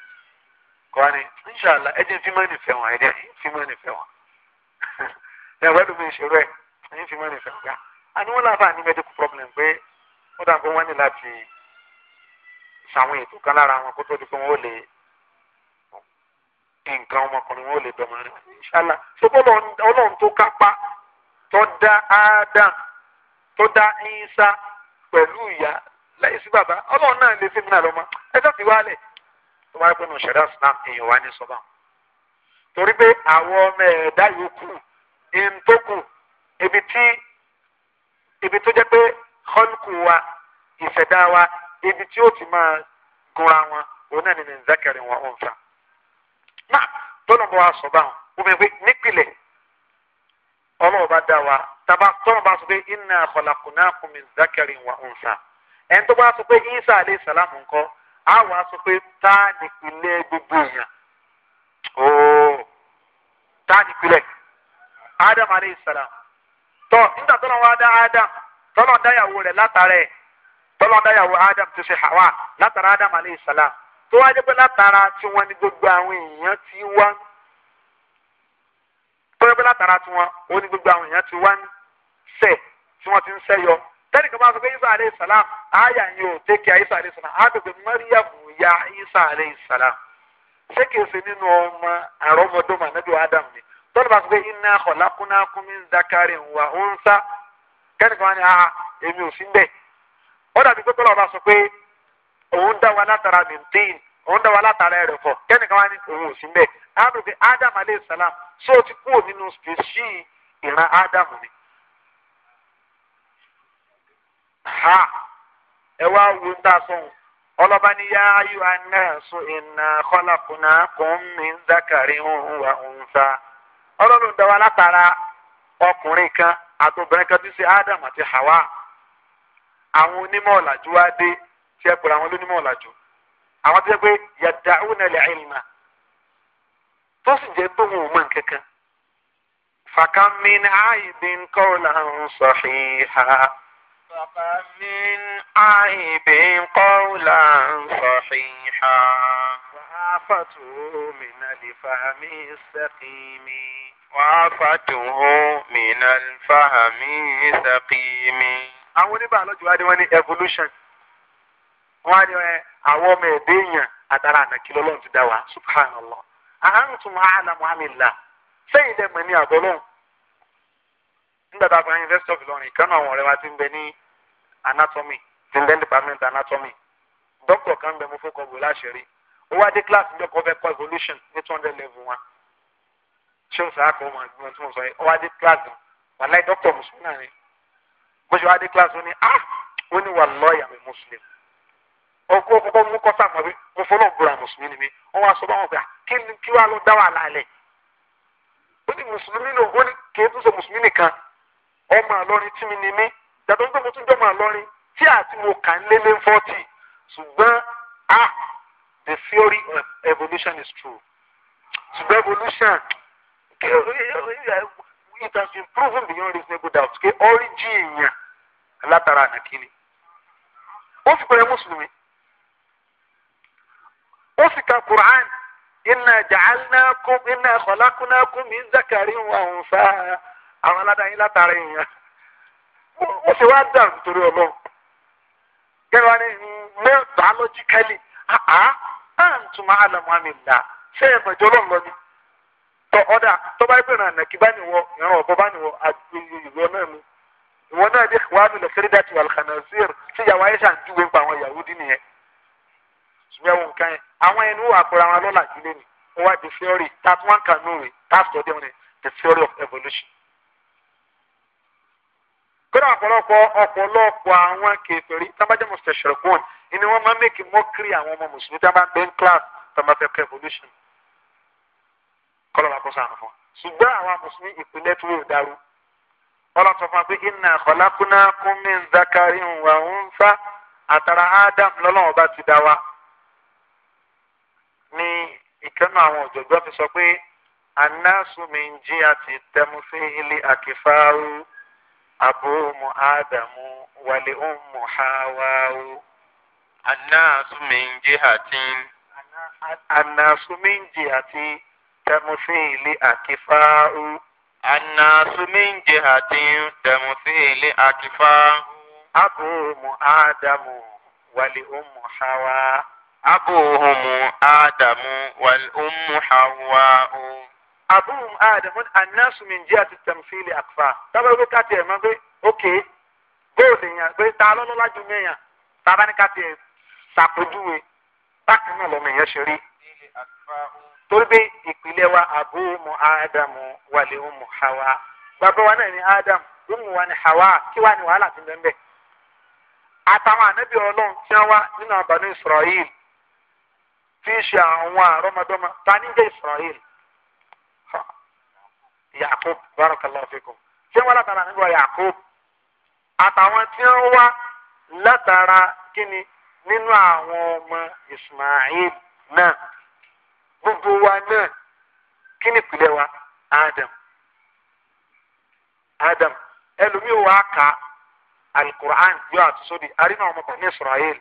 kwani inshallah ẹ jẹ́ fíìmù ẹni fẹ́ wọn ẹ jẹ́ fíìmù ẹni fẹ́ wọn ẹ wẹ́n tó mi ṣòro ẹ ẹni fíìmù ẹni fẹ́ wọn gá àní wọn láfa ní medical problem pé ó dà pé wọ́n ní láti ṣàwọn ètò kan lára wọn kó tó di pé wọ́n ó lè nǹkan ọmọkùnrin wọn ó lè dọ̀mọ́ rẹ̀ inshallah ṣé ọlọ́run tó kápá tó dá Ádámù tó dá Ísà pẹ̀lú ìyá láì sí bàbá ọlọ́run náà lè fẹ́mi náà lọ́mọ ẹ sọ́ ti wálẹ̀ tó bá gbẹnu ṣẹ̀dá islam èèyàn wá ní sọ́bà torí pé àwọn ọmọ ẹ̀dá yòókù ẹ̀ń ibi tí ibi tó jẹ́ pé kọ́lùkù wa ìṣẹ̀dá wa ibi tí ó ti máa gunra wọn òun náà ní ní wọn òun fa náà tọ́nà bá wa sọ́bà wọn wọ́n fi nípìnlẹ̀ ọlọ́ọ̀bá dá wa taba tọ́nà bá sọ pé inna khalaqnakum min zakarin wa unsa ẹ̀ ń tó bá sọ pé isa alayhi salam nǹkan. a wà sọ pé tá gbogbo èèyàn ooo tá ní Adam aleyhi salam tọ́ nígbà tó lọ́wọ́ dá Adam tọ́lọ́ dáyàwó rẹ̀ látara ẹ̀ dáyàwó Adam tó ṣe Hawa látara Adam aleyhi salam tó wá jẹ́ pé látara ní gbogbo àwọn èèyàn ti wá tó wá jẹ́ pé látara gbogbo àwọn èèyàn ti wá ti ń yọ. tẹ́lẹ̀ kan bá sọ pé isa aleyhi salam aya yìí ò tẹ́kẹ̀ isa aleyhi salam á bẹ̀bẹ̀ mariam ya isa aleyhi salam ṣé kìí ṣe nínú ọmọ àrọ́mọdọ́mọ anábì adam ni tọ́lẹ̀ bá sọ pé inna khalaqnakum min zakarin wa unsa kẹ́ni kan ní aa èmi ò sí bẹ́ẹ̀ ó dàbí pé tọ́lọ̀ sọ pé òun dá wa látara mìntín òun dá wa látara ẹ̀rẹ̀fọ̀ kẹ́ni kan ní òun ò sí bẹ́ẹ̀ á bẹ̀bẹ̀ adam aleyhi salam ṣé o ti kúrò nínú spèṣì ìran adam ni. ha ẹ wá wù ń ni ya ọlọ́ba ní yá ayú anáàsó iná kọ́lákùnà kún mi ń zákàrí òun wà kan àtòbìnrin kan tí ṣe Ádámù àti Hawa àwọn onímọ̀ ọ̀làjú wá dé tí ẹ pèrè àwọn olónímọ̀ ọ̀làjú àwọn pé tó sì jẹ́ wọn ò ha. فمن عيب قولا صحيحا وعافته من الفهم السقيم وعافته من الفهم السقيم àwọn oníbàálọ́jù wa ni wọ́n ní evolution wọ́n á ní eh, àwọn ọmọ ẹ̀dẹ́ èèyàn àtàrà ànàkí lọ́lọ́run ti dá wa subhanallah àhántùmọ̀ àlàmù àmì ìlà sẹ́yìn dẹ́gbẹ̀ẹ́ ní àbọ̀lọ́run nígbà tá a fún University of Ilorin ìkànnì àwọn ọ̀rẹ́ wa ti ń bẹ ní anatomy ti ń bẹ ní department anatomy doctor kan bẹ mo fọkàn bò láṣẹrí ó wá dé class níjọ́ kan fẹ́ kọ́ evolution ní two hundred level one ṣé o sàá kọ́ ọmọ ẹgbẹ́ tí mo sọ yìí ó wá dé class wàláì doctor mùsùlùmí náà ni bó ṣe wá dé class ó ní ah ó ní wà lọ́ọ̀yà mi mùsùlùmí ọkọ ọkọ mú kọsà mọ bí mo fọlọ gbọra ah, mùsùlùmí ni mi wọn wá sọ báwọn gbà ah, kí ni kí wàá lọ dá wà lálẹ́ ó ní mùsùlùmí náà ó ní kí é tún sọ mùsùlùmí nìkan ọmọ àlọrin tí mi ni mí yàtọ̀ nígbà mo tún jọmọ àlọrin tí àti mo kà ń lé lé fọ́tì ṣùgbọ́n ah the theory of evolution is true ṣùgbọ́n evolution it has been proven beyond reasonable doubt pé origin èèyàn látara ànàkíní ó sì pẹ̀lẹ́ mùsùlùmí ó sì ka Qur'an inna ja'alnakum inna khalaqnakum min zakarin wa unsa àwọn aládàáyín látara èèyàn ó sì wá dàrú torí ọmọ gẹ́gẹ́ ni ní biologically àá àǹtùmá àlàmúhàmìlá ṣé ẹ̀mọ̀jọ́ ló ń lọ ni tọ́ ọ̀dà tó bá gbẹ̀rẹ̀ ànàkí bá nìwọ ìran ọ̀bọ bá nìwọ àgbègbè ìwọ náà ni ìwọ náà bí wàá nù lọ́sẹ̀rẹ́ dàtí alkhanazir ṣé yàwá ayé ṣàǹdúwẹ̀ pa àwọn Yahudi nìyẹn ṣùgbọ́n ẹ̀wọ̀n nǹkan yẹn àwọn ẹni wà pẹ̀lú àwọn alọ́làjú lé ni wọ́n wá the theory that one can know it that's the theory the theory of evolution kódà ọ̀pọ̀lọpọ̀ ọ̀pọ̀lọpọ̀ àwọn kèfèrí tábàjẹ́ mustashriqun ni wọ́n máa ń mẹ́kì mọ́kìrì àwọn ọmọ mùsùlùmí tí wọ́n bá ń bẹ́ ń class tó máa fẹ́ kọ́ evolution kọ́lọ́ bá kó sànù fún ṣùgbọ́n àwọn mùsùlùmí ìpínlẹ̀ tó yóò dàrú ọlọ́ fún wa pé inna khalaqnakum min zakarin wa unsa àtàrà Adam lọ́lọ́wọ́ bá ti dá wa ní ìkànnì àwọn ọ̀jọ̀gbọ́n fi sọ pé anásùmí ń jí àti tẹmufin ilé àkèfáàrú أبوهم آدم ولأم حواء الناس من جهة الناس من جهة تمثيل أكفاء الناس من جهة تمثيل أكفاء أبوهم آدم ولأم حواء أبوهم آدم والأم حواء abuhum adamun annasu min jihati tamthili akfa dábàá wípé káàtì ẹ̀ máa gbé ókè góòlù yẹn pé ta lọ́lọ́lá ju mẹ́yàn bàbá ní káàtì ẹ̀ ṣàpèjúwe bákan náà lọ́mọ èèyàn ṣe rí. torí pé ìpìlẹ̀ wa abuhum adamu wàlẹ̀ umu hawa bàbá wa náà ni adamu umu wa ni hawa kí wàá ni wàhálà ti bẹ́ẹ̀ àtàwọn ànábì ọlọ́run tí wọ́n wá nínú àbànú Israel tí ń ṣe àwọn àrọ́mọdọ́mọ ta ní yakub barakallahu fikum ṣé wọn látara nígbà yakub àtàwọn tí wọn wá látara kíni nínú àwọn ọmọ ismail náà gbogbo wa náà kíni ìpìlẹ̀ wa adam adam ẹlòmíì wà ká alukur'an yóò àtúnṣe àrínà ọmọ bàbá israel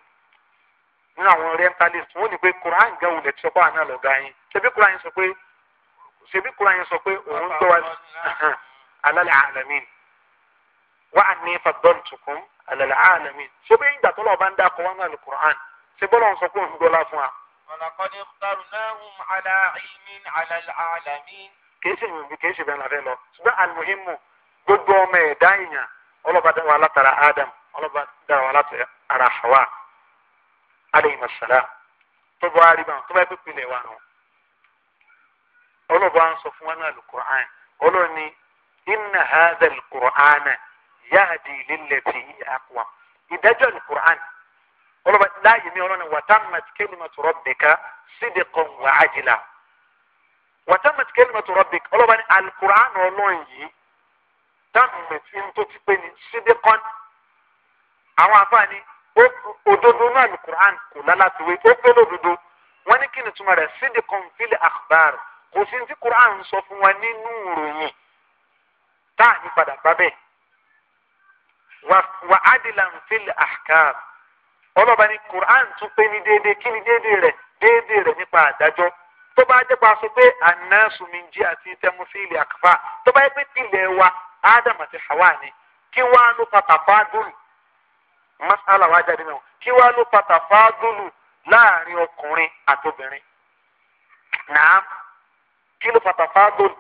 nínú àwọn orientalist wọn ò ní pé kur'an gẹ̀wò lè tí ọkọ àná lọ́gá yín ṣebí kur'an sọ pé. ṣebí kura yẹn sọ pé òun gbọ́ wa [laughs] alálẹ̀ alamin wa anni faddaltukum alálẹ̀ alamin ṣebí ìgbà tó lọ́ọ́ bá ń dá kọ́ wọn náà ní Qur'an ṣe bọ́lá ń sọ pé òun dọ́là fún wa. walaqad ikhtarnahum ala ilmin ala alamin. kìí ṣe ìwé kìí ṣe bẹ́ẹ̀ lọ́dẹ lọ ṣùgbọ́n alimuhimu gbogbo ọmọ ẹ̀dá ìyàn ọlọ́ba dá látara Adam ọlọ́ba dá látara Hawa alayhi masalam tó bọ́ àríbá tó bá pípilẹ̀ wa náà ọlọ́ba ń sọ fún wa náà alukur'an ọlọ́ni inna hadha alukur'an yahdi lillati aqwa ìdájọ́ alukur'an ọlọ́ba láàyè mi ọlọ́ni watammat kalimatu rabbika sidqan wa ajla watammat kalimatu rabbika ọlọ́ba ní alukur'an ọlọ́run yìí tammat ntó ti pé ní sidqan àwọn afáàní òdodo náà alukur'an kò lálàtúwé ó pé lódodo wọn ní kí ni túmọ̀ rẹ̀ sidqan fil akhbar. kò sí ti Quran sọ fún wa nínú ìròyìn tá taa yípadà bá wa wà adilan fil ahkam ọlọ́ba ni Quran tún pé ní déédéé kí ni déédéé rẹ̀ déédéé rẹ̀ nípa àdájọ́ tó bá jẹ́ pa sọ pé anásù ati jí àti tẹmufíìlì àkàfà tó bá yẹ pé tilẹ̀ wa Adam àti Hawa ni kí wàá ló pàtà fáadùlù masala wa jáde náà kí wàá ló pàtà fáadùlù láàrin ọkùnrin àtobìnrin kí ló fàtàfà gòlù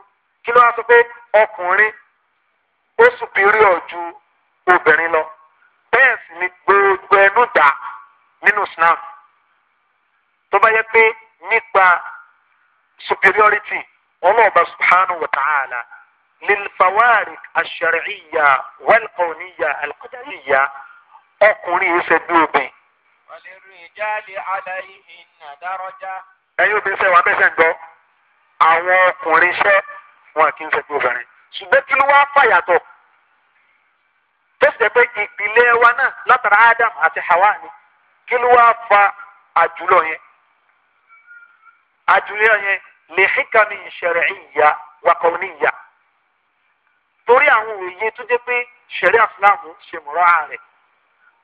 kí ló wá sọ pé ọkùnrin ó superior ju obìnrin lọ bẹ́ẹ̀ sì ni gbogbo ẹnu dà nínú snap tó bá yẹ pé nípa superiority ọlọ́ọ̀bá subhanahu wa ta'ala lilfawari asharciya walqawniya alqadariya ọkùnrin yìí ṣe bí obìn. wàlẹ́rù ìjáde aláìhìn nàdárọ́jà. ẹ̀yin obìnrin sẹ́wọ̀n abẹ́sẹ̀ ń gbọ́. àwọn ọkùnrin iṣẹ wọn kì í ṣe pé obìnrin ṣùgbọ́n kí ló wá fàyàtọ̀ tẹsẹ̀ pé ìpìlẹ̀ wa náà látara Adam àti Hawa ni kí ló wá fa àjùlọ yẹn àjùlọ yẹn lè hikami shar'iyya wa kawniyya torí àwọn òye tó jẹ́ pé ṣẹ̀ríà Ìsìlámù ṣe mọ̀rọ̀ ààrẹ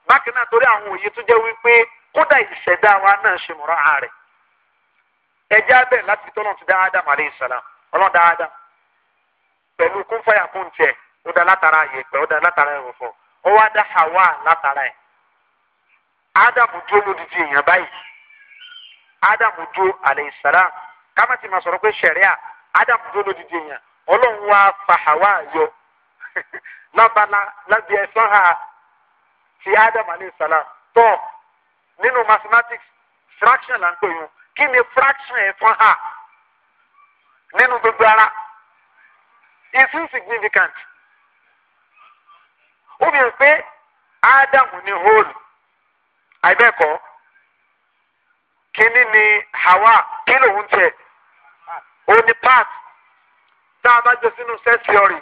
bákan náà torí àwọn òye tó jẹ́ wípé kódà ìṣẹ̀dá wa náà ṣe mọ̀rọ̀ ààrẹ. ẹjẹ́ abẹ́ láti tọ́lọ̀ ti dá ádámù aleyhi ọlọ́run dá ádámù pẹ̀lú kún fàyà kún tiẹ̀ ó dá látara ó dá látara ó wá dá hawa látara ẹ̀ ádámù dúró lódìdí èèyàn báyìí ádámù dúró aleyhi kámẹ́tì máa sọ̀rọ̀ pé sẹ̀ríà ádámù dúró lódìdí èèyàn ọlọ́run wá fa hawa yọ [laughs] lábala lábí ẹ̀sán ha ti ádámù aleyhi sàlám tọ́ nínú mathematics fraction là ń kí ni fraction ẹ̀ fún ha nínú gbogbo ara is insignificant ó bí pé ádámù ní hóòlù àìbẹ́ẹ̀kọ́ kínní ni hawa kí lòun tẹ̀ ó ní part tá a bá jọ sínú set theory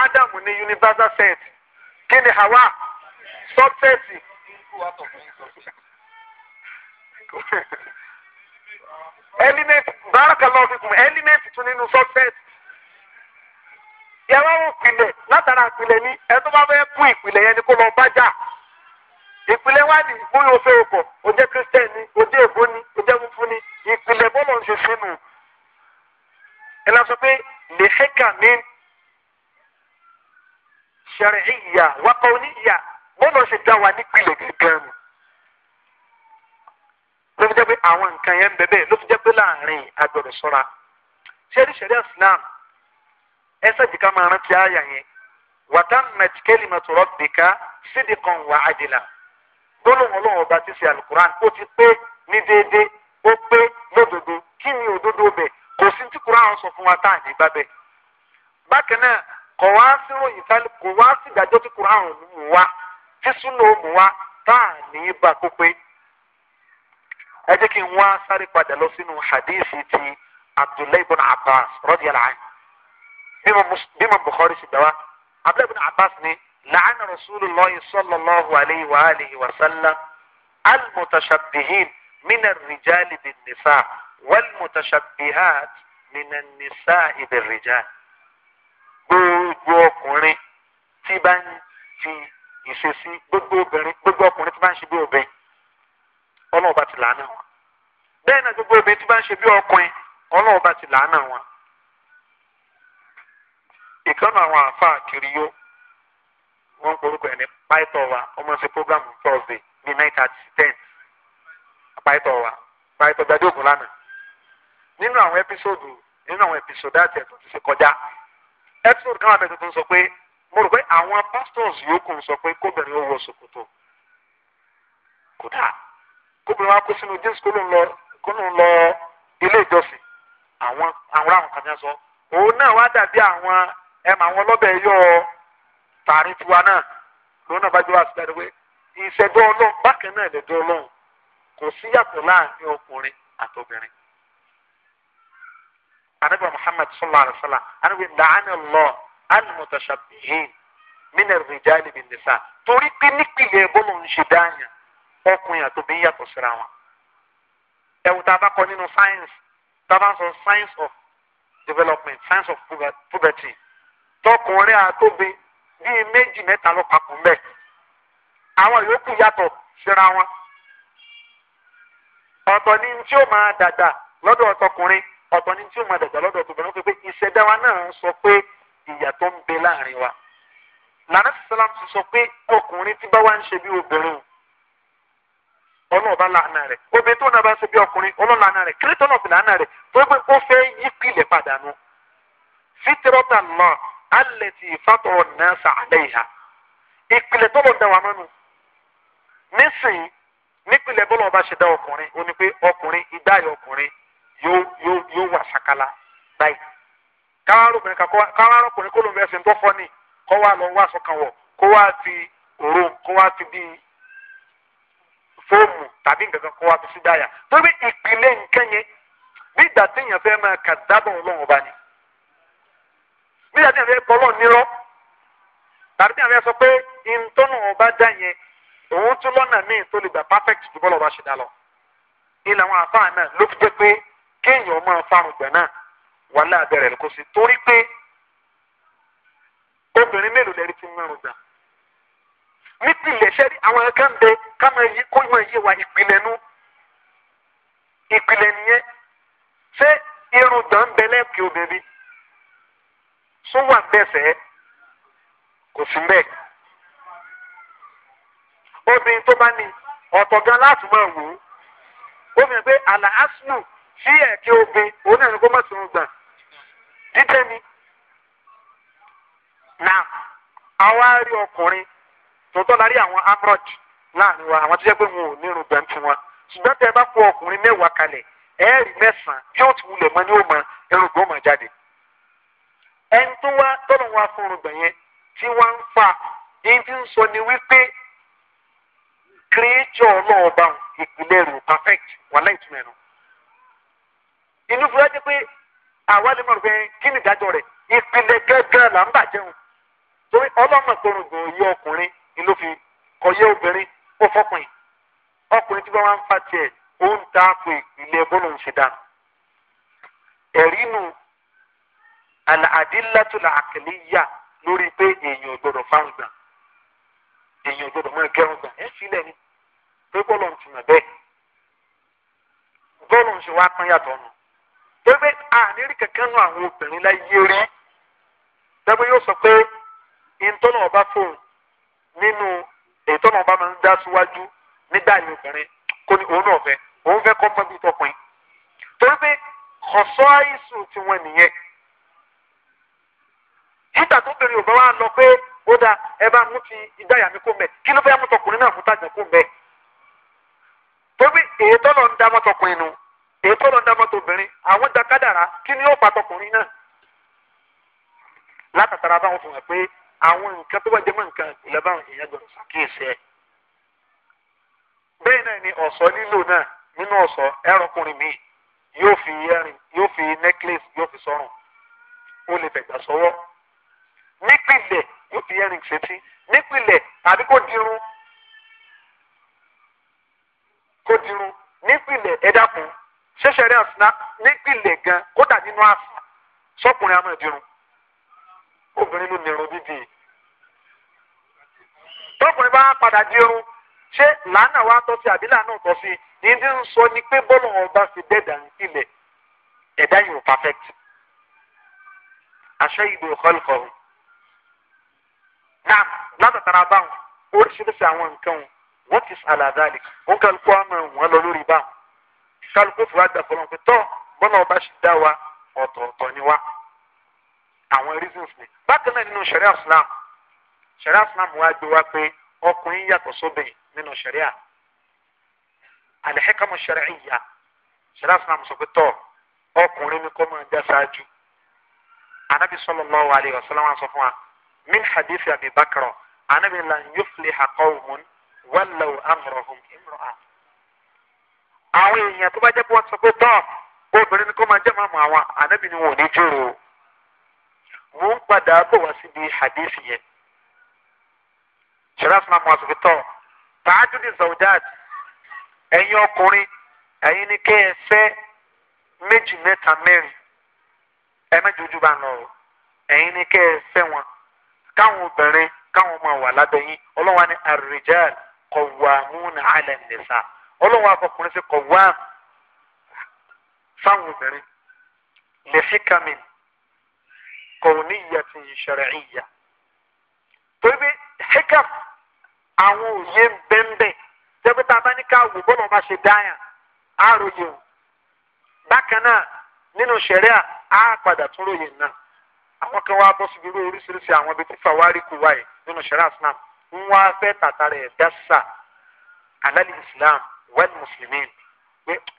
ádámù ní universal set kí ni hawa subset. [laughs] ẹlímẹ́ǹtì barakallahu fikum ẹlímẹ́ǹtì tún nínú sọ́fẹ́ẹ̀tì yàrá wọn pìlẹ̀ látara pìlẹ̀ ni ẹtọ́ bá fẹ́ kú ìpìlẹ̀ yẹn ni kó lọ bá jà ìpìlẹ̀ wà ní bóyá o fẹ́ o kọ̀ o jẹ́ kírísítẹ́n ni o jẹ́ èbó ni o jẹ́ funfun ni ìpìlẹ̀ bọ́lọ̀ ń ṣe sínú ẹ lọ sọ pé lè ṣẹ́kà ní ṣẹ̀rẹ̀ ìyà wákọ̀ oníyà bọ́lọ̀ ṣe dá wa nípìlẹ̀ gẹ̀gẹ̀ ni ló fi jẹ́ pé àwọn nǹkan yẹn ń bẹ bẹ́ẹ̀ ló fi jẹ́ pé láàrin agbọ̀dọ̀ sọ́ra ṣẹ́rí ṣẹ̀rí islam ẹsẹ̀ jìká máa rántí àyà yẹn wàtánmẹ̀tì kalimatu rabbika sidqan wà adila gbólóhùn ọlọ́run ọba ti ṣe alukuran ó ti pé ní déédéé ó pé lódodo kí ni òdodo bẹ̀ kò sí tí kuran sọ fún wa tá à ní bá bẹ̀. bákan náà kò wá sí ròyìn tá kò wá sí ìdájọ́ tí kuran mú wa tí súnà mú wa tá à ní bá kó pé ẹ jẹ́ kí n wá sáré padà lọ sínú hadithi ti abdullahi ibn abbas radiyallahu anhu bí mo bukhari sì dáwà abdullahi ibn abbas ni la'ana rasulillah sallallahu alayhi wa alihi wa sallam al-mutashabbihin min ar-rijal bin-nisa wal-mutashabbihat min an-nisa bir-rijal gbogbo ọkùnrin tí bá ń fi ìṣesí gbogbo obìnrin gbogbo ọkùnrin tí bá ń ṣe bí obìnrin ọlọ́run bá ti làánà wọn bẹ́ẹ̀ náà gbogbo obìnrin tí bá ń ṣe bí ọkùnrin ọlọ́run bá ti làánà wọn. ìkànnì àwọn àáfàá kiri yó wọ́n ń porúkọ ẹ̀ wa ọmọ ṣe programu thursday ní nine thirty ten pàìtọ́ wa pàìtọ́ gbadé ògùn lánàá nínú àwọn ẹpísòdù nínú àwọn ẹpísòdù àti ẹ̀tọ́ ti ṣe kọjá ẹpísòdù kan wà tuntun sọ pé mo rò pé àwọn pastors yòókù sọ pé kóbìnrin ó wọ ṣòkòtò kódà kóbìnrin wa kó sínú jésù kó lóun lọ kó lóun lọ ilé ìjọsìn àwọn àwọn àwọn kan yẹn sọ òun náà wá dàbí àwọn ẹmọ àwọn ọlọ́bẹ̀ yọ tààrin tiwa náà lòun náà bá jọ wá sí dáadé pé ìṣẹ́jọ́ ọlọ́run bákan náà lẹ́jọ́ ọlọ́run kò sí yàtọ̀ láàrin ọkùnrin àtobìnrin. anabi muhammad sallallahu alaihi wa sallam anabi la'ana allah al-mutashabbihin min ar-rijali bin nisa torí pé nípìnlẹ̀ bọ́lọ̀ ń ṣe dáhùn ọkùnrin àtòbí yàtọ̀ síra wọn ẹwù tá a bá kọ nínú science tá a bá sọ science of development science of puberty tọkùnrin àtòbí bíi méjì mẹ́ta ló papọ̀ mẹ́ àwọn yòókù yàtọ̀ síra wọn ọ̀tọ̀ ni tí ó máa dàgbà lọ́dọ̀ ọ̀tọkùnrin ọ̀tọ̀ ni tí ó máa dàgbà lọ́dọ̀ pé ìṣẹ̀dá wa sọ pé ìyà tó ń bẹ láàrin wa ti sọ pé ọkùnrin tí bá wá ń ọlọ́ọ̀bá lànà rẹ̀ obìnrin tó nàbà ṣe bí ọkùnrin ọlọ́ọ̀lànà rẹ̀ kírétọ́ náà fi lànà rẹ̀ tó gbé ó fẹ́ yí pilẹ̀ padà nù. fitirọ́tà lọ alẹ́ ti fatọ̀ náà sàlẹ̀ ìhà ìpìlẹ̀ tó da wà mọ́nu nísìnyí nípìlẹ̀ bọ́lá ọba ṣe ọkùnrin ó ní pé ọkùnrin ìdáyà ọkùnrin yóò yóò yóò wà báyìí ọkùnrin kó fóòmù tàbí nǹkan kan kó wá fi ṣúgbà yà torí ìpìlẹ̀ nǹkan yẹn nígbà téèyàn fẹ́ máa kà dábọ̀ ọlọ́run bá ní nígbà téèyàn fẹ́ pọ̀ lọ́ọ̀ nírọ́ tàbí téèyàn fẹ́ sọ pé ìtọ́nà ọba dá yẹn òun tún lọ́nà míì tó lè gbà perfect ju bọ́lọ̀ bá ṣe dá lọ ilé àwọn àfáà náà ló fi jẹ́ pé kéèyàn máa farun gbẹ̀ náà wà láàbẹ̀rẹ̀ lóko sí torí pé obìnrin mélòó lẹ́rìí ti mẹ́rùn gbà nípìnlẹ̀ sẹ́rí àwọn kan bẹ kama eyi yí kó máa wa ipilenu nu ìpìlẹ̀ nìyẹn ṣé irun dàn bẹ lẹ́ẹ̀kì obìnrin sọ wà bẹ́sẹ̀ kò sí bẹ́ẹ̀ obìnrin tó bá ní ọ̀tọ̀ gan láti máa wò ó obìnrin pé àlà asinu sí obìnrin na awari tòótọ́ larịị àwọn amrod láàrin wa àwọn tó jẹ́ pé wọn ò nírun bẹ̀ ń fi wọn ṣùgbọ́n tẹ́ ẹ bá kó ọkùnrin mẹ́wàá kalẹ̀ ẹ̀ẹ́rì mẹ́sàn-án yóò ti wulẹ̀ mọ́ ní ó mọ gbọ́n jáde. ẹni tó wá tọ́lọ̀ wá fún irun gbẹ̀yẹn tí wọ́n ń fa ẹni tí ń sọ ni wípé kírítsọ̀ ọlọ́ọ̀ba ìpìlẹ̀ rò perfect wà láìtúmọ̀ ẹ̀rọ. inú fúra jẹ́ pé àwa lè mọ̀ pé kí ni ìdájọ́ rẹ̀ ìpìlẹ̀ gẹ́gẹ́ là ń bàjẹ́ wọn torí ọlọ́mọ̀ tó rògbò yí ọkùnrin ńlọfin kọyẹ obìnrin ó fọkùnrin ọkùnrin tí wọn wá ń fa tiẹ̀ ó ń ta àpò ìpìlẹ̀ bọlọ ń ṣe dá ẹrí nu àdìlátùlà àkẹlẹ yà lórí pé èèyàn gbọ́dọ̀ fáwọn gbà èèyàn gbọ́dọ̀ máa gẹrun gbà ẹ sílẹ̀ ni pé bọlọ ń tìmọ bẹ́ẹ̀ bọlọ ń ṣe wá pọn yàtọ̀ nù pé pé kankan nu àwọn obìnrin láyé rí dábẹ́ yóò sọ pé ìtọ́nà ọba fóun nínú ètò ọ̀nà ọba máa ń dá síwájú nígbà yìí obìnrin kó ní òun náà fẹ́ òun fẹ́ kọ́ mọ́bí tọkùnrin torí pé ọ̀sọ́ àìsùn tiwọn nìyẹn nígbà tó bèrè òbá wa lọ pé ó da ẹ bá mú ti ìdáyà mi kó mẹ kí ló fẹ́ mú tọkùnrin náà fún tàjà kó mẹ torí pé ètò ọ̀nà ń dá mọ́tọkùnrin nu ètò ọ̀nà ń dá mọ́tọbìnrin àwọn dakádàrá kí ni ó pa tọkùnrin náà látàtàrà báwọn fi hàn pé àwọn nǹkan tó bá jẹ́ mọ́ nǹkan ìpìlẹ̀ báwọn èèyàn gbọ́dọ̀ ṣàkíyèsí ẹ̀. bẹ́ẹ̀ náà ni ọ̀ṣọ́ lílò náà nínú ọ̀ṣọ́ ẹ̀rọkùnrin mi yóò fi earring yóò fi necklace yóò fi sọ́rùn ó lè fẹ̀gbà sọ́wọ́ nípìnlẹ̀ yóò fi earring sétí nípìnlẹ̀ àbí kó dirun kó dirun nípìnlẹ̀ ẹ dákun ṣẹṣẹ rẹ ọ̀sán nípìnlẹ̀ gan kódà nínú àṣà sọkùnrin amọ̀ ìdirun obìnrin ló nírun dídì tọkùnrin bá padà di irun ṣé làánà wa tọ́ sí àbí làánà tọ́ sí ní ti ń sọ ni pé bọ́lọ̀ ọba fi dẹ́dà ń sílẹ̀ ẹ̀dá yìí ò perfect aṣọ ìbò ìkọlùkọ̀ọ̀hún na látàtàrà báwọn oríṣiríṣi àwọn nǹkan wọn ti àlàdáàlì wọn kálukú àmọ́ wọn lọ lórí báwọn kálukú fúra gbà fọlọ́n pé tọ́ bọ́lọ̀ ọba ṣì dá wa ọ̀tọ̀ọ̀tọ̀ ni wa. àwọn reasons ni bákan náà nínú sharia islam sharia islam wá gbé wá pé ọkùnrin yàtọ̀ sóbìn nínú sharia alihikamu sharia islam sọ pé tọ́ ọkùnrin ni kó máa dá ṣáájú anabi sallallahu alayhi wa sallam sọ fún wa min hadith abi bakr anabi lan yufliha qawmun wallaw amrahum imra'a àwọn èèyàn tó bá jẹ́ pé wọ́n sọ pé tọ́ obìnrin ni máa jẹ́ àwọn anabi ni ò ní jòrò o. wò ń padà bọ̀ wá síbi hadith yẹn sharaf ma mọ̀sùkú tọ̀ tààdù ní zawdat ẹ̀yin ọkùnrin ẹ̀yin ni kẹ́ ẹ fẹ́ méjì mẹ́ta mẹ́rin ẹ mẹ́jọ́jú bá nà ọ́ ẹ̀yin ni kẹ́ ẹ fẹ́ wọn káwọn obìnrin káwọn ọmọ wà lábẹ́ ọlọ́wà ní ar-rijal qawwamuna 'ala ọlọ́wà afọkùnrin sí kọ̀wá fáwọn obìnrin lẹ́fíkàmìn kọ̀ọ̀níyàtì شرعية. torí pé hikam àwọn òye ń bẹ́ńbẹ́ jẹ́ pé tá a bá ní ká wò bọ́lọ̀ bá ṣe dáyà á ròyìn o bákan náà nínú ṣẹ̀ríà á padà tún ròyìn náà àwọn kan wá bọ́ síbi irú oríṣiríṣi àwọn ibi tí fàwárí kù wáyé nínú ṣẹ̀ríà islam ń wá fẹ́ tàtàrà ẹ̀ dásà alálì islam wẹ́ẹ̀lì mùsùlùmí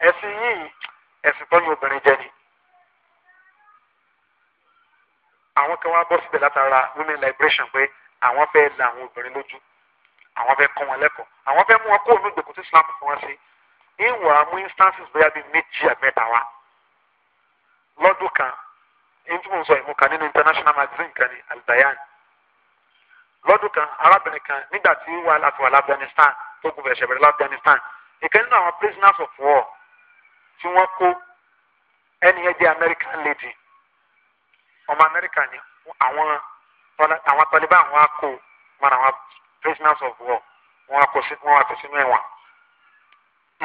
ẹ̀sìn yìí ẹ̀sìn tó ní obìnrin jẹ́ ni. àwọn kan wá bọ́ síbẹ̀ látara women liberation pé àwọn fẹ́ la àwọn obìnrin lójú àwọn fẹ́ kọ́ wọn lẹ́kọ̀ọ́ àwọn fẹ́ mú wọn kó ònú ìgbèkùn tí Islam fún wọn sí ìwọ̀n àmú instances bóyá bíi méjì àbẹ́ta wa lọ́dún kan èyí tí mo ń sọ yìí mo kà nínú international magazine kan ní Al-Bayan lọ́dún kan arábìnrin kan nígbà tí ó wà láti wà láfghanistan tó gun fẹ̀sẹ̀ bẹ̀rẹ̀ láfghanistan ìkan nínú àwọn prisoners of war tí wọ́n kó ẹni yẹn jẹ́ American lady ọmọ amẹ́ríkà ni àwọn àwọn Taliban wọn á kó wọn àwọn prisoners of war wọn á kó sí wọn á kó sínú ẹ̀wọ̀n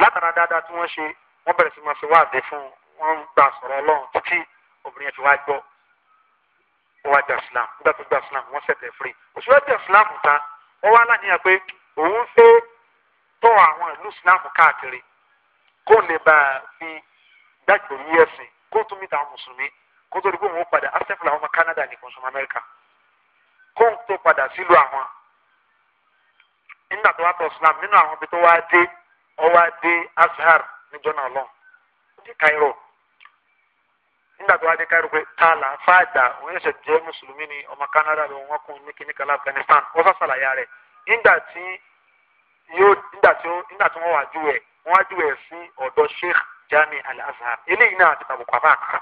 látara dáadáa tí wọ́n ṣe wọ́n bẹ̀rẹ̀ sí máa ṣe wáàdé fún wọ́n gbà sọ̀rọ̀ ọlọ́run títí obìnrin yẹn fi wá gbọ́ wọ́n wá gba islam nígbà tó gba islam wọ́n ṣẹ̀tẹ̀ firi òṣèré gba islam tán wọ́n wá láníyàn pé òun fẹ́ tọ́ àwọn ìlú islam káàkiri kó lè bá a fi gbàgbọ́ yí ẹ̀sìn kó tún mìta mùsùlùmí kó tó di padà afẹ́fẹ́ làwọn ọmọ Canada ní amerịka Amẹ́ríkà kóun tó padà sílùú àwọn nígbà tó wá nínú àwọn ibi tó wá dé ọwá dé Azhar níjọ́ náà lọ́n ní Cairo nígbà tó wá Cairo pé tààlà fàdà òun mùsùlùmí ọmọ Afghanistan wọ́n sá sàlàyé nígbà tí yóò Sheikh Jami Al-Azhar eléyìí náà ti tàbùkù àbá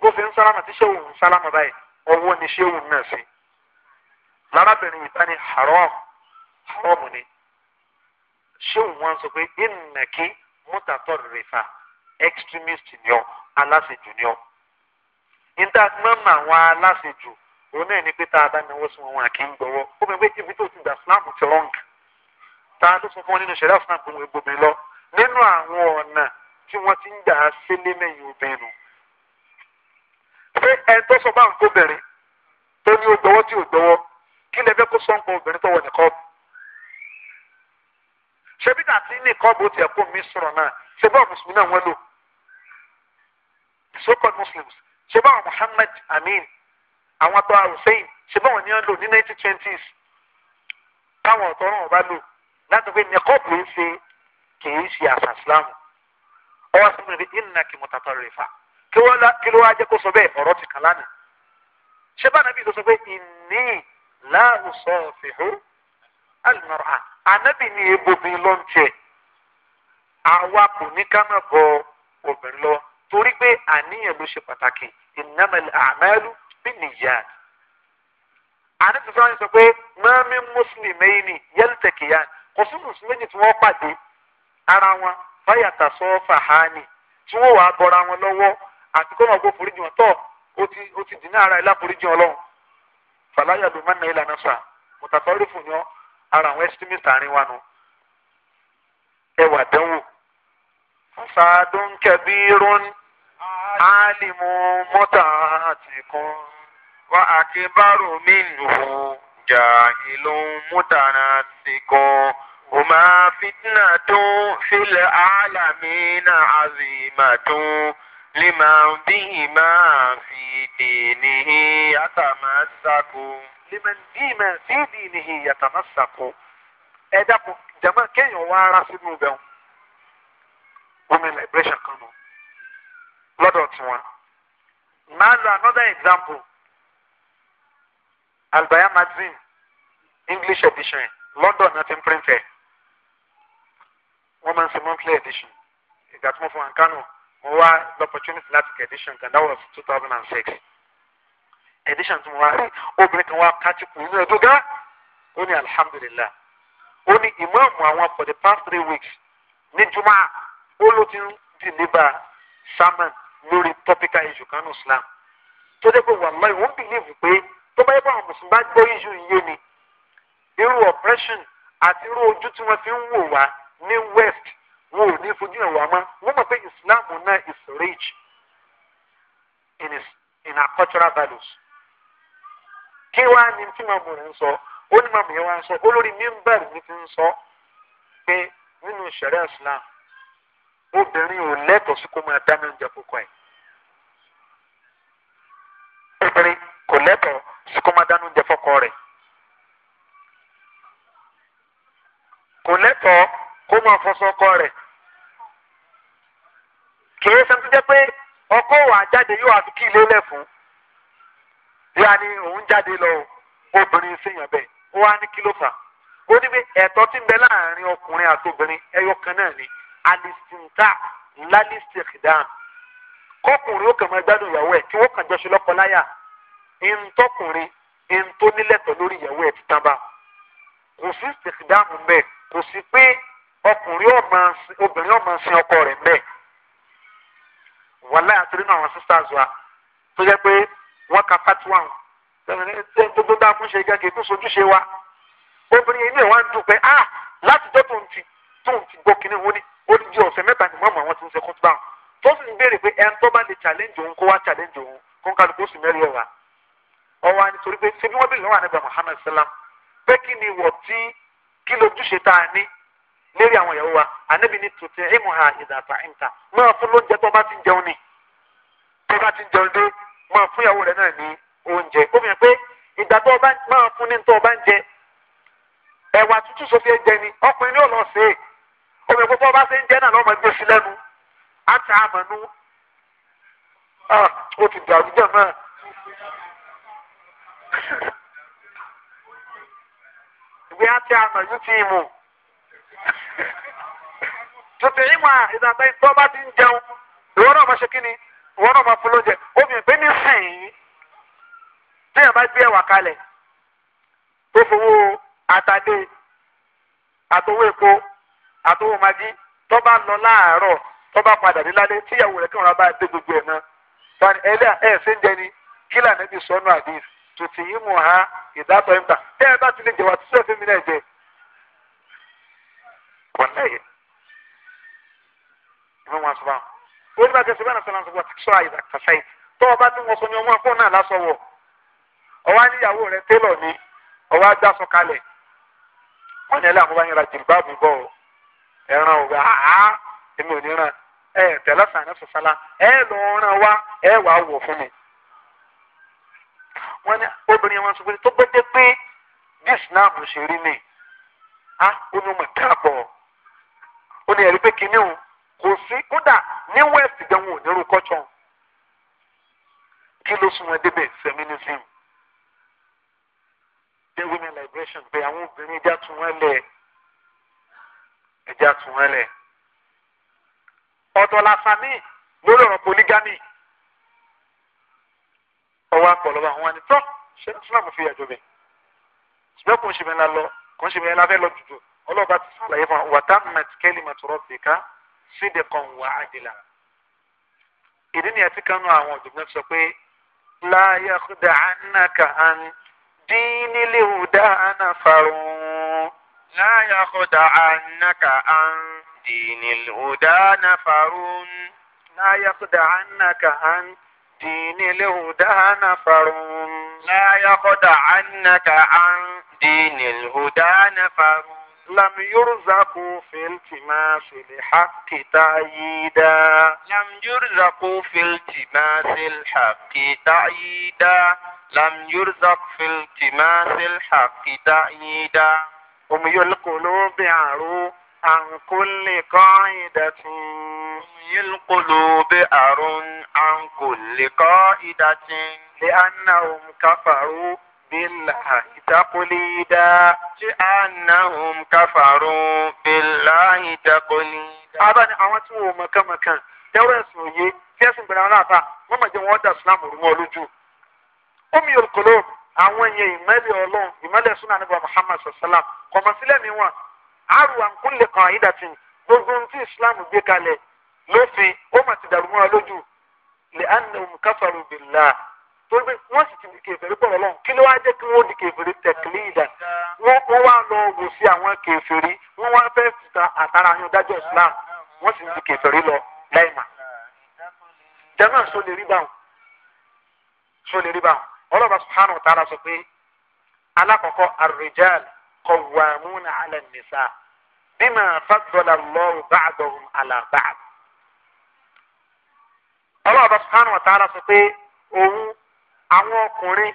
bó fi ń sálámà tí ṣé òun sálámà báyìí ọwọ́ ni ṣé òun náà sí lárábìnrin yìí tani haram haram ni ṣé òun wá ń sọ pé ìnàkí mútàtọ̀ rèéfà extremist ni ọ aláṣejù ni ọ níta mọ́mọ́ àwọn aláṣejù òun náà ní pé tá a bá náwó sí wọn àkí ń gbọ́wọ́ ó bẹ pé ibi tó ti gbà fúlàmù ti rọ́ǹkì tá a tó sọ fún gbogbo mi lọ nínú àwọn ọ̀nà tí wọ́n ti ń gbà á sílé obìnrin pé ẹ tó sọ bá ń kóbìnrin tó ní ó gbọ́wọ́ tí ò gbọ́wọ́ kí lè fẹ́ kó sọ ń pọ obìnrin tó wọ nìkan bù ṣebí dàtí nìkan bó tiẹ̀ kó mi sọ̀rọ̀ náà ṣe bá mùsùlùmí náà wọ́n lò so-called muslims ṣe bá muhammad amin àwọn tó hussein ṣe bá wọn ní wọn lò ní nineteen twenties táwọn ọ̀tọ̀ náà bá lò láti pé nìkan bó ṣe kì í ṣe àṣà islam ọwọ́ sọ́mọ́ni ìnàkì mọ́tàtọ́ rẹ̀ fà. kí ló wá jẹ́ kó sọ bẹ́ẹ̀ ọ̀rọ̀ ti kàn lánàá ṣé bá nàbí tó sọ pé ìní láàrúsọ fìhó alùmọ̀ràn ànábì ni ebobin ló ń jẹ àwa kò ní ká má bọ obìnrin lọ torí pé àníyàn ló ṣe pàtàkì a'malu binniyat ànábì tó sọ pé máa mi muslimayni yaltaqiyan kò sí mùsùlùmí tí wọ́n pàdé ara wọn báyàtà sọ́ọ́fà hání tí wọ́n wàá bọ́ra wọn àti kọ́ náà gbọ́ foríjì wọn tọ́ ó ti dì ní ara ilá foríjì wọn lọ́hùn fàlàyà ló máa ń na ìlànà sà mùtàfàrí fún yàn ara àwọn ẹ́sítímẹ̀tì àárín wa nu ẹwà dánwò. fasadun kabirun alimu mutaatikun wa akibaru minhu jahilun mutanatikun. وما فتنة في العالمين عظيمة لمن بهما في دينه يتمسك لمن بهما في دينه يتمسك ẹ̀dá kò jama kéèyàn wá ara sínú bẹ́ẹ̀ women liberation kan nù lọ́dọ̀ tiwọn. màá lo another example albaya magazine english edition london náà ti ń print monthly edition ìgbà tí mo fún wa kánò mo wá the opportunity láti kẹ edition kan that was two thousand and six edition tí mo wá rí obìnrin kan wá kájú kù nínú ẹ̀dọ́ ó ní alhamdulillah ó ní ìmáàmù àwọn for the past three weeks ní juma ó ló ti ń deliver sermon lórí topical issue kan ní islam tó dé pé wàlláhi wọ́n bìlíìfù pé tó bá yẹ kó àwọn mùsùlùmí bá gbọ́ iṣu yé ni irú oppression àti irú ojú tí wọ́n fi ń wò wá ní west wọn ò ní fojú ẹ̀wọ̀ ma wọ́n Islam náà is rich in, his, cultural values. kí wàá ní tí ma rẹ̀ ń sọ ó ní ma yẹn wá ń sọ olórí mi ti nínú ìṣẹ̀rẹ́ Islam obìnrin ò lẹ́tọ̀ọ́ máa dáná oúnjẹ púpọ̀ ẹ̀. máa máa kìí ṣe tó jẹ́ pé ọkọ wà jáde yóò àfi kí ilé lẹ̀ fún bí a ní òun jáde lọ obìnrin ṣèyàn bẹ́ẹ̀ ó wá ní kí ló fà ó ní bí ẹ̀tọ́ tí ń bẹ láàrin ọkùnrin àti obìnrin ẹyọ kan náà ni alistinta lalistikidan kọkùnrin ó kàn máa gbádùn ìyàwó ẹ̀ kí wọ́n kàn jọ ṣe lọ́kọ ntọkùnrin ntónílẹ̀tọ̀ lórí ìyàwó ẹ̀ títàn bá kò sí istikidan mbẹ kò sí pé ọkùnrin ọmọ obìnrin ọmọ sin ọkọ rẹ̀ mbẹ́ẹ̀ wàláyà àtúrí náà àwọn sisters wa tó jẹ́ pé wọ́n ka part one gbogbo bá fún ṣe gẹ́gẹ́ tó sojúṣe wa obìnrin inú ẹ̀ wá ń dùn pé ah látijọ́ tó ń ti tó ń ti gbọ́ kínní wọn ni ó ti di ọ̀sẹ̀ mẹ́ta ni mọ́mọ́ àwọn ti ń ṣe kótó báwọn tó sì ń béèrè pé ẹni tó bá lè challenge òun kó wá challenge òun kó ń kálukú sì mẹ́rin ẹ̀wà ọwọ́ àni torí pé ṣé bí wọ́n bí lọ́wọ́ àníbà Muhammad sallam ni lérí àwọn ìyàwó wa anabi ni tòtí ìmù ha ìdàtà ìmùta máa fún lóúnjẹ tó bá ti ń jẹun ni tó bá ti ń jẹun dé máa fún ìyàwó rẹ náà ní oúnjẹ ó fi hàn pé ìgbà tó bá máa fún ní tó bá ń jẹ ẹ̀wà tútù sófin ẹ jẹ ni ọkùnrin ní ò lọ sí i omi kókó bá ṣe ń jẹ náà lọ́mọ gbé sí lẹ́nu àti àmọ́nú ó ti dàrú jẹ̀ mọ́ ìwé àti àmọ́ yìí ti mú. tuntun yìí a ìdàgbà ìtọ́ bá ti ń jẹun ìwọ náà máa ṣe kí náà obìnrin pé ní sìn gbé ẹ̀wà kalẹ̀ tó fowó àtàdé magi lọ láàárọ̀ padà lálẹ́ rẹ̀ bá dé gbogbo ẹ̀ náà tani ṣe ń kí lànà bí ti lè jẹ wà tó sẹ́fẹ́ mi náà wallahi ìmọ̀ wọn sọ báwọn wọ́n bá gẹ̀ẹ́sì bẹ́ẹ̀ sọ̀rọ̀ sọ̀rọ̀ ti sọ àyè kàṣáì tó ọba tí wọ́n sọ ní ọmọ fún náà lásọ̀wọ̀ ọwọ́ níyàwó rẹ̀ télọ̀ ni ọwọ́ ajá sọ kalẹ̀ wọ́n yẹn lé àwọn báyìí ra jìlbá mi bọ̀ ẹ̀ràn òwe àá èmi ò ní ràn ẹ̀ tẹ̀lé sàn ẹ̀ sọ̀sálà ẹ̀ lọ ràn wá ẹ̀ wà wọ̀ fún mi. wọ́n ní obìnrin wọn sọ tó gbé dé pé bí Islam ṣe rí ni ah ó ní mo dáàbọ̀ ó ní ẹ̀rí pé kínní o kò sí kódà ní west gan wọn ò ní irun kọ́tsọ̀ kí ló sún débẹ̀ feminism the women liberation pé àwọn obìnrin ẹja tún wọn lẹ̀ ẹja tún wọn lẹ̀ ọ̀dọ̀ lásán ní lórí ọ̀rọ̀ polygamy ọwọ́ akọ̀lọ́wọ́ àwọn ànitọ́ ṣe ní sinamu fi yàjọ bẹ́ẹ̀ ṣùgbọ́n kò ń ṣe bẹ́ẹ̀ la lọ kò ń ṣe bẹ́ẹ̀ la fẹ́ lọ tutù ọlọ́ba ti sàlàyé fún wa watammat kalimatu rabbika sidqan wa adla ìdí ni ẹtí kanú àwọn ọ̀dùnkún sọ pé la yakhda'annaka an dinil huda nafarun la yakhda'annaka an dinil huda nafarun la yakhda'annaka an dinil huda nafarun la yakhda'annaka an dinil huda nafarun. لم يرزقوا في التماس الحق تأييدا لم يرزقوا في التماس الحق تأييدا لم يرزق في التماس الحق تأييدا هم القلوب عرو عن كل قاعدة أمي القلوب عر عن كل قاعدة لأنهم كفروا تقليدا أنهم كفروا بالله تقليدا أبدا أوتوا مكما كان دورة سوية تسمى بالعنافة مما جمعوا دا سلام ورمولوجو أمي القلوب àwọn yẹn ìmẹ́lẹ̀ ọlọ́run ìmẹ́lẹ̀ súnà nípa Muhammad sọ̀sálàm kọ̀mọ̀sílẹ̀ mi wọn àrùwà nkúlẹ̀ kan àyídàtì gbogbo tí Islam gbé kalẹ̀ lófin ó mà ti dàrú torí wọ́n sì ti di kèfèrí pọ̀ lọ́wọ́ kí ló wá jẹ́ kí wọ́n di kèfèrí tẹ̀kílì ìdá wọ́n wá lọ wò sí àwọn kèfèrí wọ́n wá fẹ́ fìta àtàrà yan dájọ́ Islam wọ́n sì di kèfèrí lọ láìmà. jẹ́nà sọ lè rí báwọn sọ lè rí báwọn ọlọ́ba subhanahu ta'ala sọ pé alákọ̀ọ́kọ́ ar-rijal qawwamuna 'ala an-nisa bima faddala Allahu ba'dahum 'ala ba'd. àwọn ọkùnrin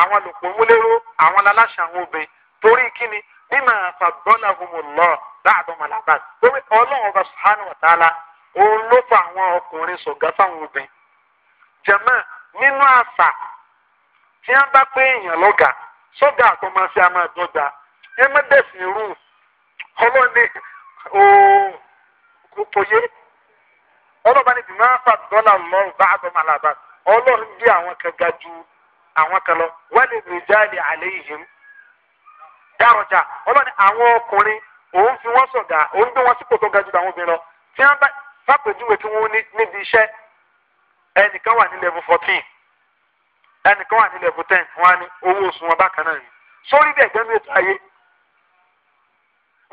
àwọn lòpọ̀múlérò àwọn aláṣà àwọn obìnrin torí kíni mímọ àfàgbọ́nà humnlọ láàdọ́mọ̀lábà lórí ọlọ́run ọba sùhánù ọ̀tàlá òun ló fa àwọn ọkùnrin sọ̀gá fáwọn obìnrin jẹ̀mọ́ nínú àṣà tí wọ́n bá pé èèyàn lọ́gà sọ́gà ẹ má dẹ̀sìn irú ọlọ́ni yé ọlọ́ba ni ọlọ́run gbé àwọn kan ga ju àwọn kan lọ wálé rìjáàlì àlẹ́ yìí dárọjà ọlọ́run àwọn ọkùnrin òun fi wọ́n sọ̀gà òun gbé wọn sípò tó ga ju àwọn obìnrin lọ tí wọ́n bá fàpèjúwe kí wọ́n níbi iṣẹ́ ẹnìkan wà ní level fourteen ẹnìkan wà ní level ten wọ́n á ní owó oṣù wọn bákan náà ni sórí bẹ́ẹ̀ gbẹ́mí ètò ayé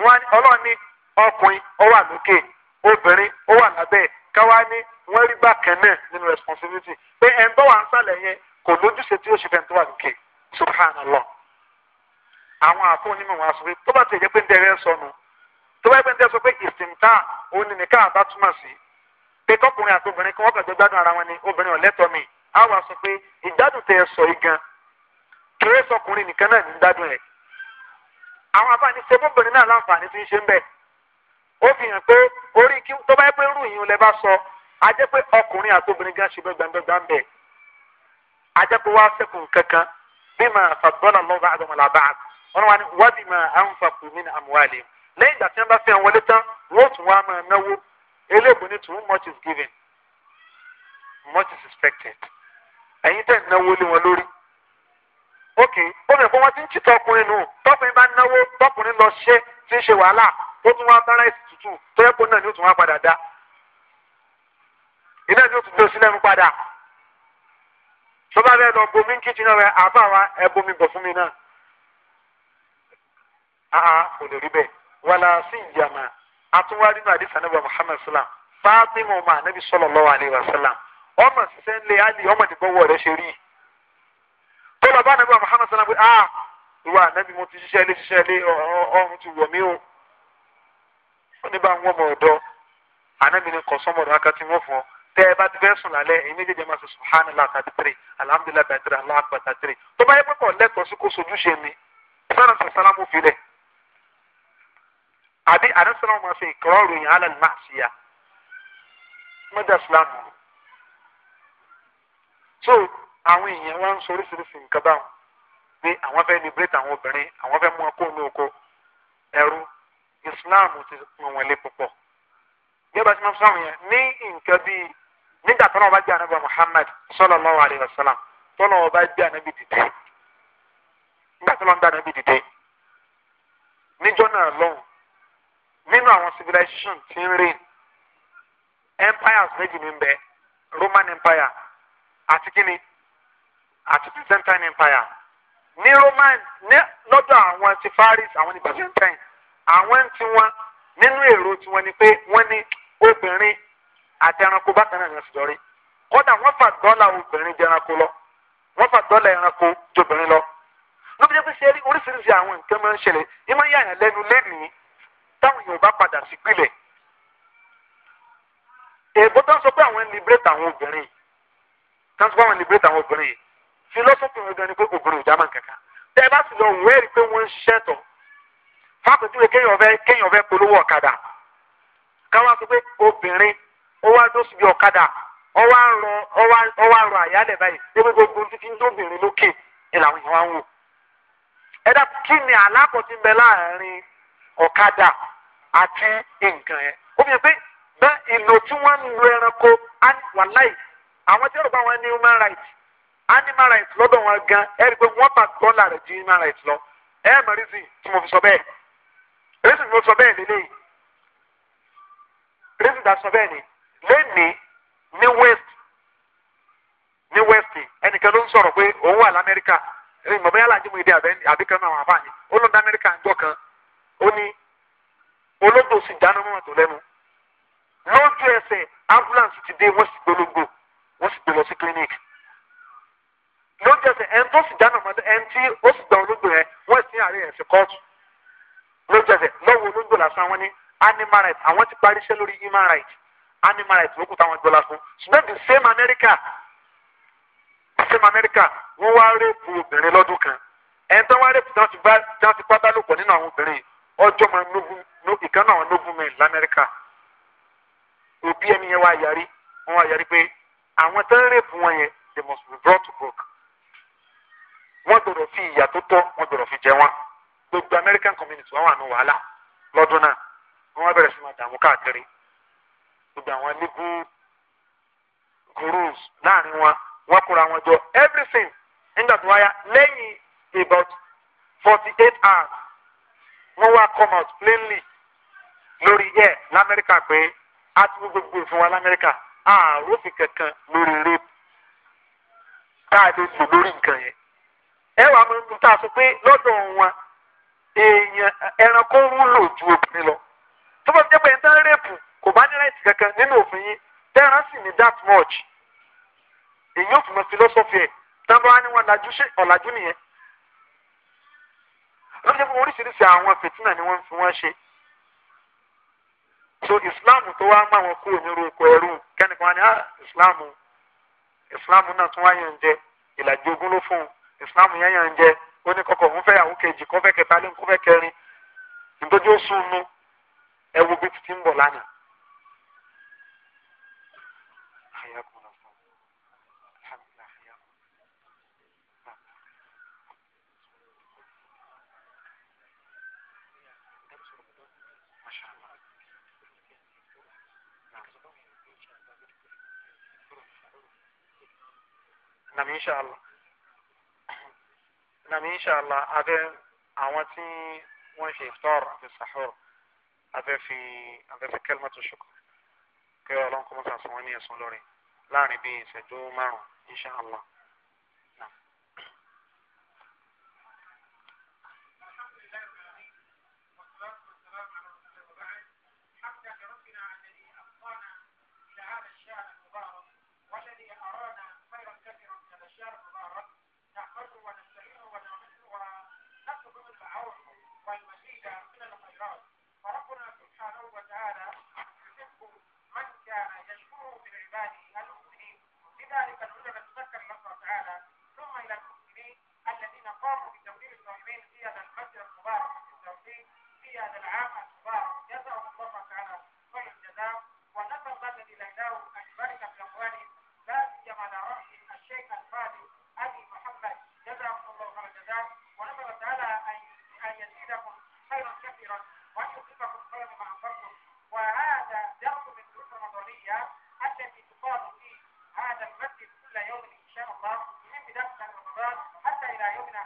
wọ́n á ní ọlọ́run ní ọkùnrin káwá ní wọ́n rí bákan náà nínú responsibility pé ẹ̀ ń bọ́ wà ń sàlẹ̀ yẹn kò lójúṣe tí ó ṣe fẹ́ntọ́ wà lókè subhanallah àwọn àfọ onímọ̀ wọn aṣọ pé tó bá ti yẹ pé ń dẹrẹ́ sọnù tó bá yẹ pé ń dẹrẹ́ sọ pé ìsìntà òun ni nìkan àbá túmọ̀ sí pé tọkùnrin àti obìnrin kí wọ́n kàn jẹ́ gbádùn ara wọn ni obìnrin ọ̀lẹ́tọ̀ mi á wà sọ pé ìgbádùn tẹ sọ yìí gan kéré sọkùnrin nìkan náà ní gbádùn ẹ̀ àwọn àbáni ṣe bóbìnrin náà láǹfààní ti ń ṣe ń bẹ́ẹ̀ ó fi hàn pé orí kí tó bá yẹ pé irú ìyún lẹ bá sọ a jẹ́ pé ọkùnrin àti obìnrin gan ṣe gbẹgbẹgbẹgbà ń bẹ̀ a jẹ́ pé wàá sẹ́kùn kankan bí mà fàgbọ́nà lọ́ba àdọ́mọ̀lá bá a wọn wá ní wádìí mà á ń fa kùmí àmúwálé lẹ́yìn ìgbà tí wọ́n bá fi hàn wọlé tán wọ́n tún wá máa náwó eléèbó ní too much is given much is expected ẹ̀yin tẹ̀ náwó lé wọn lórí ok ó mẹ̀ pé wọ́n ti ń tìtọ́ ọkùnrin nù tọkùnrin bá náwó tọkùnrin lọ ṣe ti ń ṣe wàhálà otu nwa wá esi tutu tútù tó náà ni otu nwa wá da dá iná ni ó tún gbé sílẹ̀ ń padà tó bá bẹ́ẹ̀ lọ bomi ń kíjì náà rẹ aha wa ẹ bomi bọ̀ fún mi náà àhà kò lè rí wàlá sí ìyàmà àdìsá Muhammad sallam Fátímà ọmọ ànábì sallallahu alaihi wasallam ọmọ ọmọ ṣe rí Muhammad sallam aa wa anabi mo ti ti wọ mí ó ní bá ń wọ́n mọ̀ ọ̀dọ́ ànábì ní kọ̀ sọ́mọ̀ ọ̀dọ́ akátí wọ́n fún ọ tẹ́ ẹ bá ti fẹ́ sùn lálẹ́ èyí méjèèjì máa sọ subhanallah thirty three alhamdulilah thirty three Allahu akbar thirty three tó bá yẹ pé kò lẹ́tọ̀ọ́ sí kó sojúṣe mi sára sàlámù filẹ̀ àbí àdásánà máa ṣe ìkọ́rọ̀ ròyìn alẹ́ ní máa ṣìyà mọ́jà so àwọn èèyàn wá sọ oríṣiríṣi nǹkan báwọn pé àwọn fẹ́ ní àwọn obìnrin àwọn fẹ́ mú ọkọ̀ ní oko ẹrú islam ti pọn wọn lé púpọ̀ yẹ́bà tí mo sọ wọn yẹn ní nǹkan bíi nígbà tó náà bá jẹ́ anábì muhammad sallallahu alayhi wa sallam tó náà bá jẹ́ anábì dìde nígbà tó náà ń dá anábì dìde níjọ́ náà lọ́hùn nínú àwọn civilization ti ń rìn empires méjì ní bẹ roman empire àti kíni àti byzantine empire ní roman ní lọ́dọ̀ àwọn ti faris àwọn ní byzantine àwọn ń tiwọn nínú èrò tiwọn ni pé wọ́n ní obìnrin àti ẹranko bákan náà ni wọ́n ti jọrí kódà wọ́n fà dọ́là obìnrin jẹ ẹranko lọ wọ́n fà dọ́là ẹranko tóbìnrin lọ ló bí jẹ́ pé ṣe rí oríṣiríṣi àwọn nǹkan máa ń ṣẹlẹ̀ ní máa ń yàyàn lẹ́nu lẹ́nìí táwọn èèyàn bá padà sí pilẹ̀ èèbó tó ń sọ pé àwọn ń liberate àwọn obìnrin tó ń sọ pé àwọn ń liberate àwọn obìnrin philosophy wọn gan ni pé obìnrin ò já máa ń kankan tẹ́ ẹ bá sì lọ wẹ́ẹ̀rí pé wọ́n ń ṣẹ́tọ̀ọ́ fápẹ́tùwé kéèyàn fẹ́ kéèyàn fẹ́ polówó ọ̀kadà káwá sọ pé obìnrin ó wá dó síbi ọ̀kadà ó wá rọ ó wá ó wá rọ àyálẹ̀ báyìí débi gbogbo títí ń lókè ni làwọn èèyàn wá ń wò. ẹ ti bẹ láàrin ọ̀kadà àti nǹkan ó fi hàn human rights animal rights lọ́dọ̀ wọn gan ẹ̀rí pé wọ́n bá dọ́là rẹ̀ rights lọ tí mo fi sọ bẹ́ẹ̀. Jésù ló sọ bẹ́ẹ̀ lélẹ́yìn Jésù dá sọ ni lẹ́nìí west ní west ẹnìkan ló ń sọ̀rọ̀ pé òun wà lamẹ́ríkà ẹ̀yìn mọ̀ bẹ́ẹ̀ alájẹ́ ìdí àbíkan náà wà bá ó ló ń ń jọ kan ó ní sì dáná ambulance ti dé wọ́n sì gbólógbò wọ́n sì gbé lọ sí clinic lójú ẹsẹ̀ ẹni tó sì dáná mọ́ ẹni tí ó sì gbà olódò yẹn wọ́n sì ń ló jẹsẹ̀ lọ́wọ́ olóńgbò lásán àwọn ní animal right àwọn ti parí iṣẹ́ lórí human right animal right ló kù táwọn gbọ́ ṣùgbọ́n the same America the same America wọ́n wá rẹ́pù obìnrin lọ́dún kan ẹni tó wá rẹ́pù tí wọ́n ti pátá lò pọ̀ nínú àwọn obìnrin ọjọ́ mọ ìkànnì àwọn nógún mẹ́rin lamẹ́ríkà òbí ẹni yẹn wá yarí wọ́n wá yarí pé àwọn tó ń rẹ́pù wọn yẹn they must be brought to book wọ́n gbọ́dọ̀ fi ìyà tó tọ́ wọ́n gbọ́dọ̀ fi jẹ wọ́n gbogbo American community wọn wà ní wàhálà lọ́dún náà wọn bẹ̀rẹ̀ sí máa dààmú káàkiri gbogbo àwọn legal gurus láàrin wọn wọn kóra wọn jọ everything nígbà tó wáyà lẹ́yìn about forty eight hours wọ́n wá come out plainly lórí yẹ lamẹ́ríkà pé a ti wọ́n gbogbo ìfún wa lamẹ́ríkà àròfin kankan lórí rape tá a lè lò lórí nǹkan yẹn ẹ wàá mọ ohun tá a sọ pé lọ́dọ̀ wọn èèyàn ẹranko wúlò ju obìnrin lọ tó bá jẹ́ pé ẹ̀ ń tán rẹ́pù kò bá ní láìsí kankan nínú òfin yín tẹ́ran sì ní that much èyí ò fún mi philosophy ẹ̀ wá ní wọn làjú ṣe ọ̀làjú nìyẹn lọ́dún jẹ́ pé oríṣiríṣi àwọn fìtínà ni wọ́n fi wọ́n ṣe so Islam tó wá máa wọn kúrò nírú oko kẹ́nìkan ni ah, Islam Islam náà tún jẹ ìlàjì ló fún Islam yẹn jẹ ó ní kọ́kọ́ òun fẹ́ yàwó kejì kó fẹ́ kẹta lé kó fẹ́ kẹrin nítorí ó sún nu ẹ wo bí títí ń bọ̀ lánàá. نعم إن شاء الله nàmi inshàlá abẹ́ àwọn tí wọ́n ṣe iftar àti sahur abẹ́ fi abẹ́ fi kalimatu shukr kí ọlọ́run kọ́mọ́sà sọ wọ́n ní ẹ̀sùn lórí láàrin bíi ìṣẹ́jú márùn-ún inshàlá.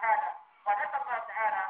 تعالى ونسأل الله تعالى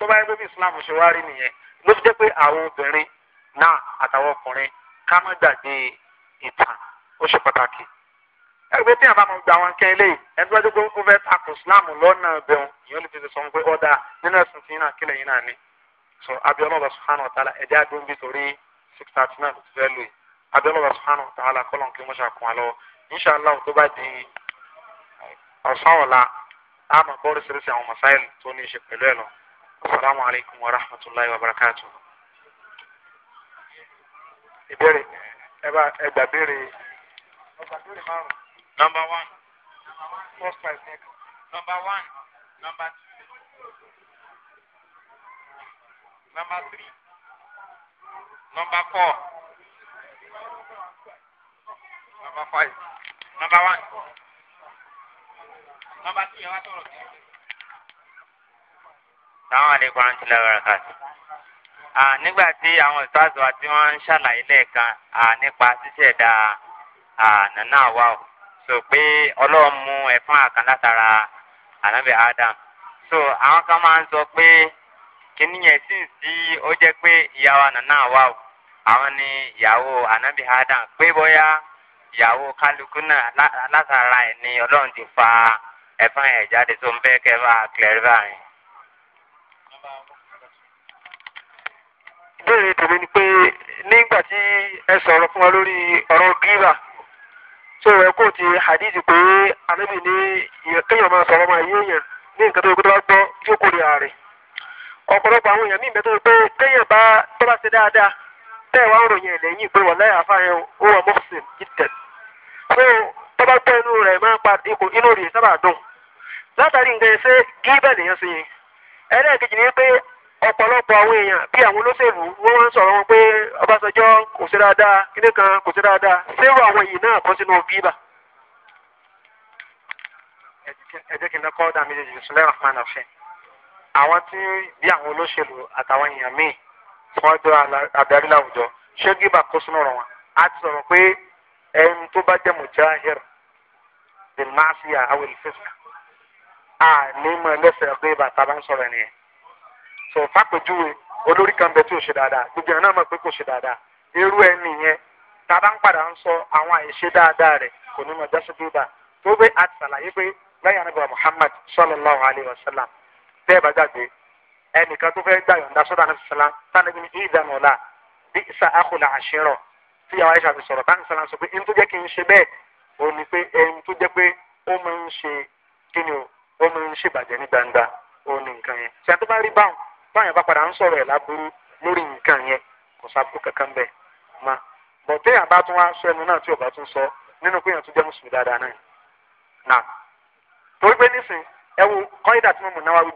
tó bá yẹ pé bí islam ṣe wá rí nìyẹn ló fi jẹ́ pé àwọn obìnrin náà àtàwọn ọkùnrin ká má gbàgbé ìtàn ó ṣe pàtàkì ẹgbẹ́ tí àbá máa gba àwọn akẹ́ ilé ẹgbẹ́ wájú pé ó fẹ́ tako islam lọ́nà bẹ̀rù ìyẹn ló fi sọ pé ọ̀dà nínú ẹ̀sìn tí náà kílẹ̀ yín náà ni so abiola subhanahu wa ta'ala ẹ̀dẹ́ adó ń bí torí six thirty nine ló ti fẹ́ lò yìí abiola subhanahu wa ta'ala kọ́lọ̀n kí wọ́n ṣàkún wa lọ́wọ́ inshallah tó bá di ọ̀sán ọ̀la a máa bọ́ oríṣiríṣi àwọn masáìlì tó ní í ṣe pẹ̀lú ẹ̀ lọ Assalamu alaikum wa rahmatullahi wa barakatuh. Ìbéèrè ẹ bá ẹ béèrè. Number one. Number one. Number two. Number three. Number four. Number five. Number one. Number two yẹn wá tọrọ kí. sàwọn àlekò àwọn tìlẹ̀ rẹ̀ kàtì. nígbà tí àwọn ìtọ́jú wa tí wọ́n ń ṣàlàyé lẹ́ẹ̀kan nípa ṣíṣẹ̀dá nànà wa o sọ pé ọlọ́run mú ẹ̀fọn àkàn látara ànábì adam. so àwọn kan máa ń sọ pé kíní yẹn sì ń sí ó jẹ́ pé ìyàwó nànà wa o àwọn ni ìyàwó ànábì adam pé bóyá ìyàwó kálukú náà látara ẹ̀ ni ọlọ́run ti fa ẹ̀fọn ẹ̀ jáde tó ń bẹ́ kẹ́ bá clear báyìí. ìbéèrè tèmi ni pé nígbà tí ẹ sọ̀rọ̀ fún wa lórí ọ̀rọ̀ gíra so ẹ kò ti hadithi pé anabi ní kéèyàn máa sọ̀rọ̀ máa yé èèyàn ní nǹkan tó yẹ kó tó bá gbọ́ tí ó kó lè ọ̀pọ̀lọpọ̀ àwọn èèyàn míì bẹ́ẹ̀ pé kéèyàn bá tó bá ṣe dáadáa tẹ́ ẹ̀ wá ń ròyìn ẹ̀lẹ́yìn pé wọ́n láyà ó wà mọ́sìn so tó bá gbọ́ inú ọ̀pọ̀lọpọ̀ àwọn èèyàn bí àwọn olóṣèlú wọ́n wá ń sọ̀rọ̀ wọn pé Ọbásanjọ́ kò sí dáadáa kíní kan kò sí dáadáa sẹ́rù àwọn yìí náà kọ́ sínú bíbà. ẹ jẹ́ kí n lọ́kọ́ dá méjèèjì bismillahir rahmanir rahim àwọn tí bí àwọn olóṣèlú àtàwọn èèyàn míì tí wọ́n jọ adarí láwùjọ ṣé gíbà kó sínú ọ̀rọ̀ wọn a ti sọ̀rọ̀ pé ẹni tó bá jẹ́ mujahir bil ma'siyah awil fisq àní mọ̀ lẹ́sẹ̀ gbé bàtà bá ń sọ̀rọ̀ nìyẹn sọ fàpèjúwe olórí kan bẹ tí ò ṣe dáadáa gbogbo ẹ̀ náà mọ̀ pé kò ṣe dáadáa irú ẹ̀ nìyẹn tá a bá ń padà ń sọ àwọn àìṣe dáadáa rẹ̀ kò ní mọ̀ jásí bíbá tó bẹ́ àti sàlàyé pé lẹ́yìn anábìyà Muhammad sallallahu alayhi wa sallam tẹ́ ẹ bá gbàgbé ẹnìkan tó fẹ́ gbà yọ̀ǹda sọ́dọ̀ anábì sàlám tánàbí ní ìdánù bí isa akula àṣírọ̀ tí yàrá ìṣà fi sọ̀rọ̀ tánàbí sàlám sọ pé ẹni tó jẹ́ kí n ṣe bẹ́ẹ̀ òun ni pé ẹni tó jẹ́ pé ó máa ń ṣe kí ni ó máa ń ṣèbàjẹ́ ní gbangba òun ni nǹkan yẹn ṣe báwọn báyìí bá padà ń sọ̀rọ̀ ẹ̀ láburú lórí nǹkan yẹn kò sábú kankan bẹ́ẹ̀ ma bọ̀tẹ́ bá tún wá sọ ẹnu náà tí ọba tún sọ nínú pé tún dáadáa nà torí pé nísìn tí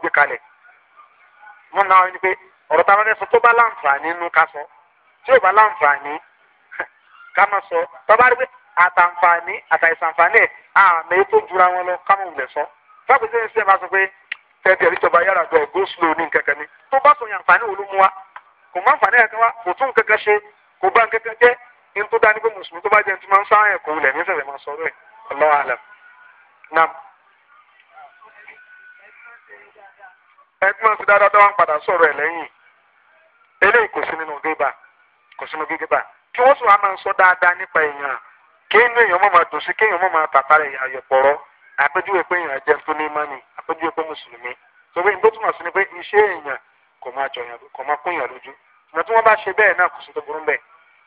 mo kalẹ̀ mo náwó ni pé ọ̀rọ̀ táwọn ẹni sọ tó bá láǹfààní nínú ká sọ tí láǹfààní ká má sọ tọ́ba rí pé àtàǹfààní àtàìsàǹfààní ẹ̀ tó tẹ́tẹ́ ẹ̀rí tọba yàrá gbọ́ go slow ní ni tó bá sọ yàn àǹfààní òun wa kò má àǹfààní kankan wa kò tún ṣe kò bá nkankan jẹ́ ní tó dání pé mùsùlùmí tó bá jẹ́ ní máa kò wulẹ̀ ní sẹ̀rẹ̀ máa sọ̀rọ̀ ẹ̀ ọlọ́wà àlẹ́ nam. padà eléyìí kò sí nínú gébà kò sínú gébà kí máa ń sọ dáadáa nípa èèyàn kí inú èèyàn máa dùn sí kí èèyàn máa ó dúró pé mùsùlùmí tó bí bó túmọ̀ sí ni pé iṣẹ́ èèyàn kò máa jọyàn kò máa kún yàn lójú ṣùgbọ́n tí wọ́n bá ṣe bẹ́ẹ̀ náà kò sí tó burú bẹ́ẹ̀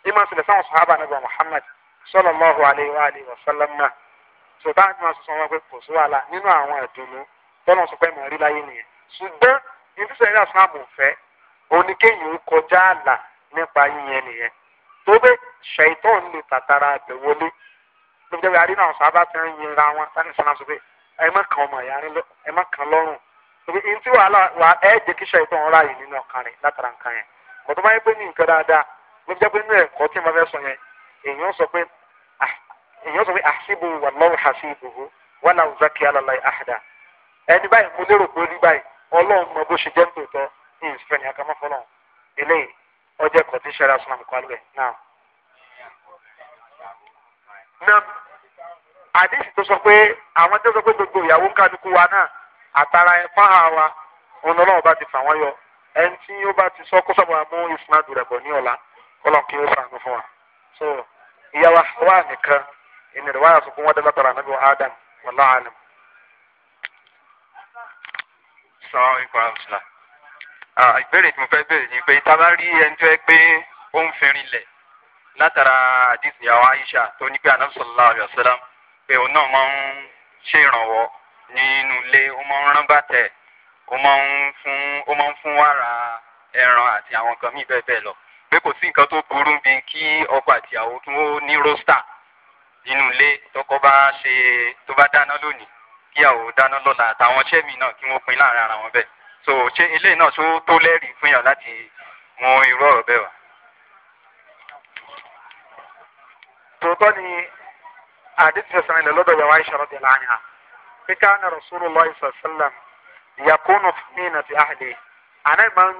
ní máa ṣẹlẹ̀ sáwọn sàhábà Ànábì Muhammad sallallahu alayhi wa alihi wa sallam náà tó bá máa sọ wọn pé kò sí wàhálà nínú àwọn ìdùnnú tọ́nà sọ pé màá rí láyé nìyẹn ṣùgbọ́n ìdúsẹ̀ ní àṣà àmọ̀fẹ́ oníkéyìn kọjá àlà nípa yíyẹn nìyẹn tó bẹ́ ṣàìtọ́ ní tàtàrà àbẹ̀wọlé lóbi jẹ́ pé àdínà ọ̀sán bá ti ń yin ra wọn sani sanamu sọ pé ẹ má kàn ọmọ ìyá rẹ ẹ má kàn lọ́rùn torí ní tí wàhálà wà ẹ jẹ́ kí ṣe ìtàn ọ̀rá yìí nínú ọkàn rẹ látara nǹkan yẹn bọ̀dọ̀ bá yẹ pé ní nǹkan dáadáa ló jẹ́ pé inú tí ah, alala àhàdà ẹni báyìí mo lérò pé ọlọ́run mọ bó ṣe jẹ́ àdéhùn tó sọ pé àwọn tó gbogbo ìyàwó kálukú wa náà àtàrà ẹ̀fọ́ ha wa òun ọlọ́run bá ti fà wọ́n yọ ẹni tí ó bá ti sọ kó sábà mú ìfúnadù rẹ̀ bọ̀ ní ọ̀la kí ó sànù wa. so ìyàwó wa nìkan ìní rẹ̀ wáyà sọ pé wọ́n Adam wàlá ìbéèrè tí mo fẹ́ ní pé pé òun náà máa ń ṣèrànwọ́ nínú ilé ó máa ń rán bàtẹ̀ ó máa ń fún ó máa ń fún wàrà ẹran àti àwọn nǹkan míì bẹ́ẹ̀ bẹ́ẹ̀ lọ pé kò sí nǹkan tó burú bí kí ọkọ àtìyàwó kí wọ́n ní rọ́stà nínú ilé tọkọ bá ṣe tó bá dáná lónìí kíyàwó dáná lọ́la àtàwọn ṣẹ́mi náà kí wọ́n pin láàrin ara wọn bẹ́ẹ̀ so ṣé ilé náà tó tó lẹ́rìí fún yàn láti mọ irú ọ̀rọ̀ bẹ́ẹ̀ wá. tòótọ́ ni àdìsí fẹsẹ̀ ilẹ̀ lọ́dọ̀ bẹ̀rẹ̀ Aisha radiyallahu anha pé káàní Rasulullah sallam yakunu fúnmínà ti ahli àná ìmọ̀ ń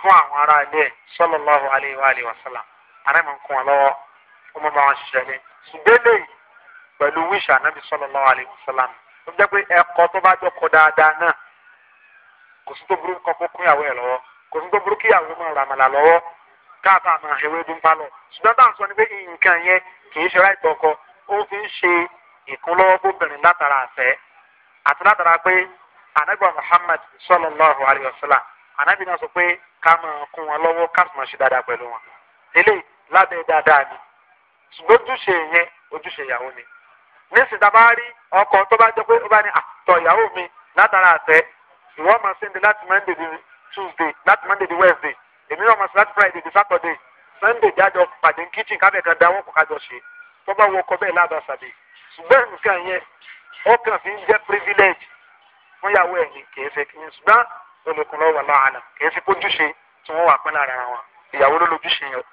kún àwọn ará ilé sallallahu alayhi wa alihi wa sallam àná ìmọ̀ ń kún wọn lọ́wọ́ ọmọ bá wọn ṣiṣẹ́ lé sallallahu alayhi wa sallam ó jẹ́ pé ẹ̀kọ́ tó bá jọkọ̀ dáadáa náà kò sí tó burú kọ́ kó kún ìyàwó ẹ̀ lọ́wọ́ kò sí tó burú kí ìyàwó máa ràmàlà lọ́wọ́ káàtà máa hẹwé dúnpá lọ ṣùgbọ́n táwọn sọ ni pé nǹkan yẹn kì í ṣe láì ó fi ń ṣe ìkúnlọ́wọ́ bóbìnrin látara àfẹ́ àti látara pé anabi muhammad sallallahu alayhi wa sallam anabi náà sọ pé ká máa kún wọn lọ́wọ́ ká sì máa ṣe dáadáa pẹ̀lú wọn eléyìí lábẹ́ dáadáa ni ṣùgbọ́n ojúṣe yẹn ojúṣe ìyàwó ni nísìnyí tábà rí ọkọ tó bá jẹ pé ó bá ní àtọ̀ ah, ìyàwó mi látara àtẹ ìwọ máa ṣe ń di láti monday di tuesday láti monday di wednesday èmi náà máa ṣe láti friday di saturday sunday jájọ pàdé kitchen kábẹ̀ẹ́kan dáwọ́ kó kájọ ṣe tọ́ba wọ ọkọ bẹ́ẹ̀ ládàsàdé ṣùgbọ́n nǹkan yẹn ọkàn fi ń jẹ́ privilege fún yàwó ẹ̀ ní kì í ṣe kì í ṣùgbọ́n olùkùnrin wà láàánà kì í ṣe kójúṣe tí wọ́n wà pẹ́ lára wọn ìyàwó ló lójúṣe yẹn.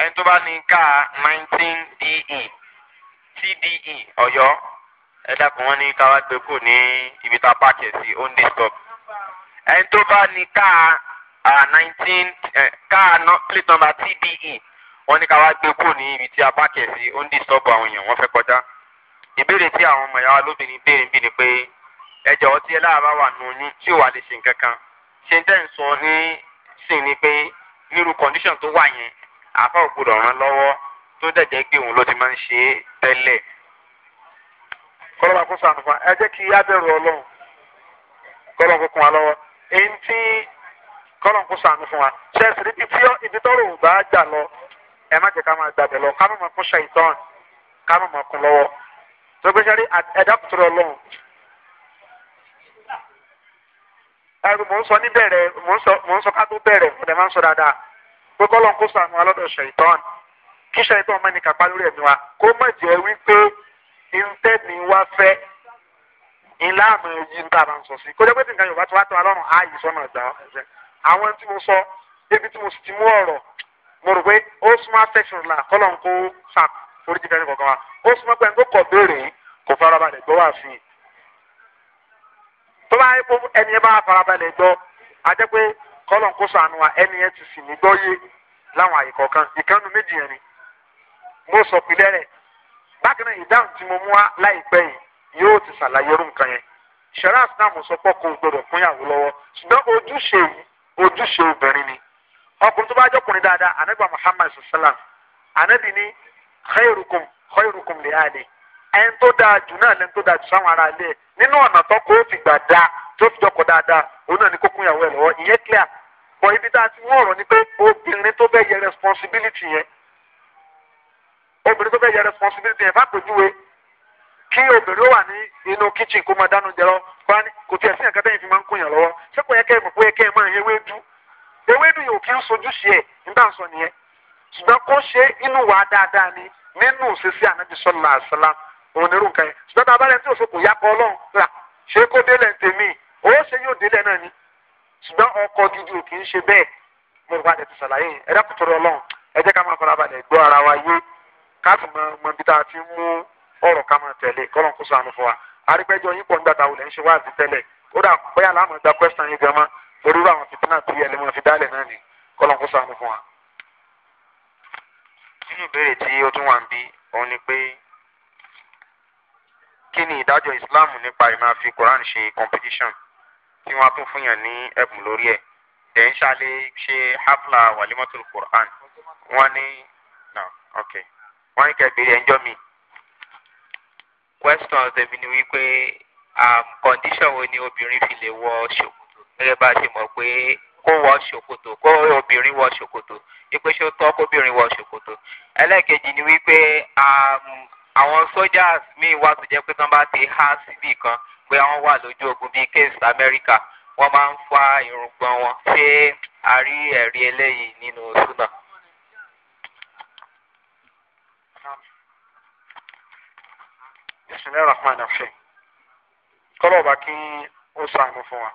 ẹni tó bá ní káà nineteen de tde ọ̀yọ́ ẹ dákun wọn ní káwá gbé kù ní ibi tá a pàṣẹ sí ondi ẹni tó bá ní káà. Ah, nineteen káà eh, plate number tbe wọ́n ní ká wá gbé kúrò ní ibi tí a bá kẹ̀ sí ó ń disturb àwọn èèyàn wọ́n fẹ́ kọjá ìbéèrè tí àwọn ọmọ ìyá wa lóbìnrin béèrè bí ni pé ẹ jọ̀ọ́ tí ẹ láàbá wà nù oyún tí ò wá lè ṣe nǹkan kan ṣe ń tẹ̀sán sọ ní sìn ni pé nírú condition tó wà yẹn àfa ò gbọdọ̀ ràn lọ́wọ́ tó dẹ̀jẹ̀ pé òun ló ti máa ń ṣe é tẹ́lẹ̀. kọ́lọ́ba kó sànùfà ẹ jẹ́ kí á kọ́lọ̀ ń kó sànù fún wa ṣẹ́ẹ̀sì níbi tí ibi tọ́rọ̀ ò bá jà lọ ẹ má jẹ́ ká máa gbàgbẹ́ lọ ká má máa kún ṣàìtàn ká má máa kún lọ́wọ́ tó gbé sẹ́rí ẹ̀dá kùtùrọ̀ lọ́hùn. ẹrù mò ń sọ níbẹ̀rẹ̀ mò ń sọ ká tó bẹ̀rẹ̀ ọ̀dẹ̀ máa ń sọ dáadáa pé kọ́lọ̀ ń kó sànù wa lọ́dọ̀ ṣàìtàn kí ṣàìtàn mẹ́ni kápá lórí ẹ̀mí wa kó má jẹ́ wípé ntẹ́ni wa fẹ́ ńlá àmọ̀ èyí ń tà bá ń sọ sí kó jẹ́ pé tí nǹkan Yorùbá ti wá tó wa á yìí sọ́nà ìgbà àwọn tí mo sọ débi tí mo sì ti mú ọ̀rọ̀ mo rò pé ó súnmọ́ afẹ́sùn là kọ́lọ̀ ń kó sàp oríjì fẹ́ẹ́ kọ̀ọ̀kan wa ó súnmọ́ pé nǹkó kọ̀ béèrè kò farabalẹ̀ gbọ́ wá sí i. tó bá yẹ kó ẹni yẹn bá farabalẹ̀ gbọ́ a pé kọ́lọ̀ ń kó sànù wa ẹni yẹn ti sì mí gbọ́ yé láwọn àyè kọ̀ọ̀kan méjì yẹn ni mo sọ pìlẹ̀ rẹ̀ bákan náà ìdáhùn tí mo mú wa láìpẹ́ yìí yóò ti ṣàlàyé irú nǹkan yẹn ṣẹ̀rá àti náà mo sọ pọ̀ kó gbọdọ̀ fún ìyàwó lọ́wọ́ ṣùgbọ́n ojúṣe yìí ojúṣe obìnrin ni ọkùnrin tó bá jọkùnrin dáadáa anagba muhammad sallam anabi ni khairukum khairukum li ali ẹni tó dáa jù náà lẹni tó dáa jù sáwọn ará ilé nínú ọ̀nà tó kó fi gbà dá tó fi jọkọ̀ dáadáa òun náà ni kó kún ìyàwó ẹ̀ lọ́wọ́ ìyẹn clear bọ̀ ibi tá a ti wọ́n ọ̀rọ̀ ni pé obìnrin tó bẹ́ẹ̀ yẹ responsibility yẹn obìnrin tó bẹ́ẹ̀ yẹ responsibility yẹn bá kí obìnrin ó wà ní inú kitchen kó máa dánú jẹ lọ bá ní kò tiẹ̀ sí nǹkan tẹ́yìn fi máa ń kúnyàn lọ́wọ́ ṣé kò yẹ kẹ́ ẹ mọ̀ pé kẹ́ ẹ máa ewé dú ewé dú yòó kí ń sojú sí ẹ̀ nígbà sọ nìyẹn ṣùgbọ́n kó ṣe inú wa dáadáa ni nínú òṣìṣẹ́ ànábì sọ́lá àṣàlá òun ní irúkẹ́ yẹn ṣùgbọ́n tá a tí òṣò kò yá ọlọ́run rà ṣé kó délẹ̀ tèmi ó ṣe yóò délẹ̀ náà ni ṣùgbọ́n ọkọ gidi ò kì í ṣe bẹ́ẹ̀ mo rò wájà ti ṣàlàyé yẹn ọlọ́run ẹ jẹ́ ká máa farabalẹ̀ gbọ́ ara wa yé ká sì mọ ibi tá a ti mú ọ̀rọ̀ ká máa tẹ̀lé kọ́lọ́n kó sànù fún wa arígbẹ́jọ́ yín pọ̀ nígbà táwọn olè ń ṣe wáàzì tẹ́lẹ̀ kódà bóyá láàmú gba kwẹ́sítàn yín gan mọ́ torí àwọn fìtínà tó yẹ lẹ́mọ̀ fi dálẹ̀ náà ni kọ́lọ́n kó sànù fún wa. nínú ìbéèrè tí ó tún wà ń bí òun ni pé kí ni ìdájọ́ Islam nípa ìmáa fi Quran ṣe competition tí wọ́n á tún fún yàn ní ẹ̀bùn lórí ẹ̀ dẹ̀ ń ṣàlẹ̀ ṣe hafla walimatul Quran wọ́n ní no okay wọ́n ní kẹ́ bèrè ẹjọ́ mi questions The ni wípé um, condition wo ni obìnrin fi lè wọ ṣòkòtò gẹ́gẹ́ bá a ṣe mọ̀ pé kó wọ ṣòkòtò kó obìnrin wọ ṣòkòtò wípé ṣó tọ́ kóbìnrin wọ ṣòkòtò ẹlẹ́ẹ̀kejì ni wípé um, àwọn soldiers míì wà tó jẹ́ pé tán bá ti há síbì kan pé wọ́n wà lójú ogun bíi case america wọ́n máa ń fa irùngbọ̀n wọn ṣé a rí ẹ̀rí eléyìí nínú súnà. bisimilahi rahman rahim kọlọba kí ó sànù fún wa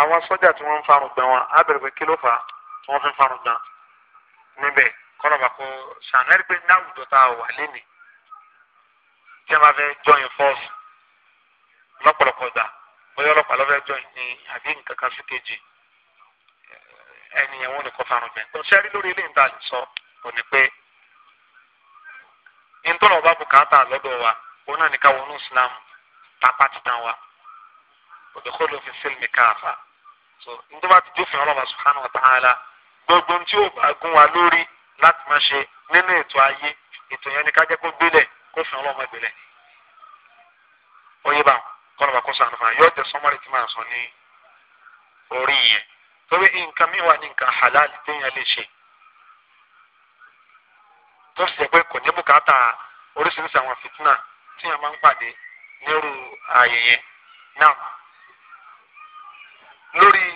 àwọn sójà tí wọ́n ń farun gbẹ wọn abẹrẹbẹ kí ló fà tí wọ́n fi ń farun gbẹ níbẹ̀ kọlọba kó sànù ẹni pé náwùjọ tá a wà lẹ́nìí tí a máa fẹ́ join force lọ́pọ̀lọpọ̀ gbà bóyá ọlọ́pàá lọ́fẹ́ join ní àbí nǹkan kan sí kejì ẹnìyẹn wọn ò ní kọ́ farun gbẹ tó ṣẹ́rí lórí ilé ìta sọ kò pé ntọ́nà ọba bùkátà lọ́dọ̀ wa òun náà nìkan wọnú islam pápá titan wa òdòkòlò fi sílmi káàfà so ntọ́ba ti dófin ọlọ́ba subhanahu wa ta'ala gbogbo tí ó bá gún wa lórí láti máa ṣe nínú ètò ayé ètò yẹn ni ká jẹ́ kó gbélẹ̀ kó fi ọlọ́mọ gbélẹ̀ oyè bá kọ́nà bá kó sànù fún wa yóò jẹ́ sọ́mọ́rì tí màá sọ ní orí yẹn torí nǹkan mi wà ní nǹkan halal téèyàn lè ṣe. tó sì jẹ́ pé kò ní bùkátà oríṣiríṣi àwọn fìtínà tí yẹn máa ń pàdé nírú ààyè yẹn náà lórí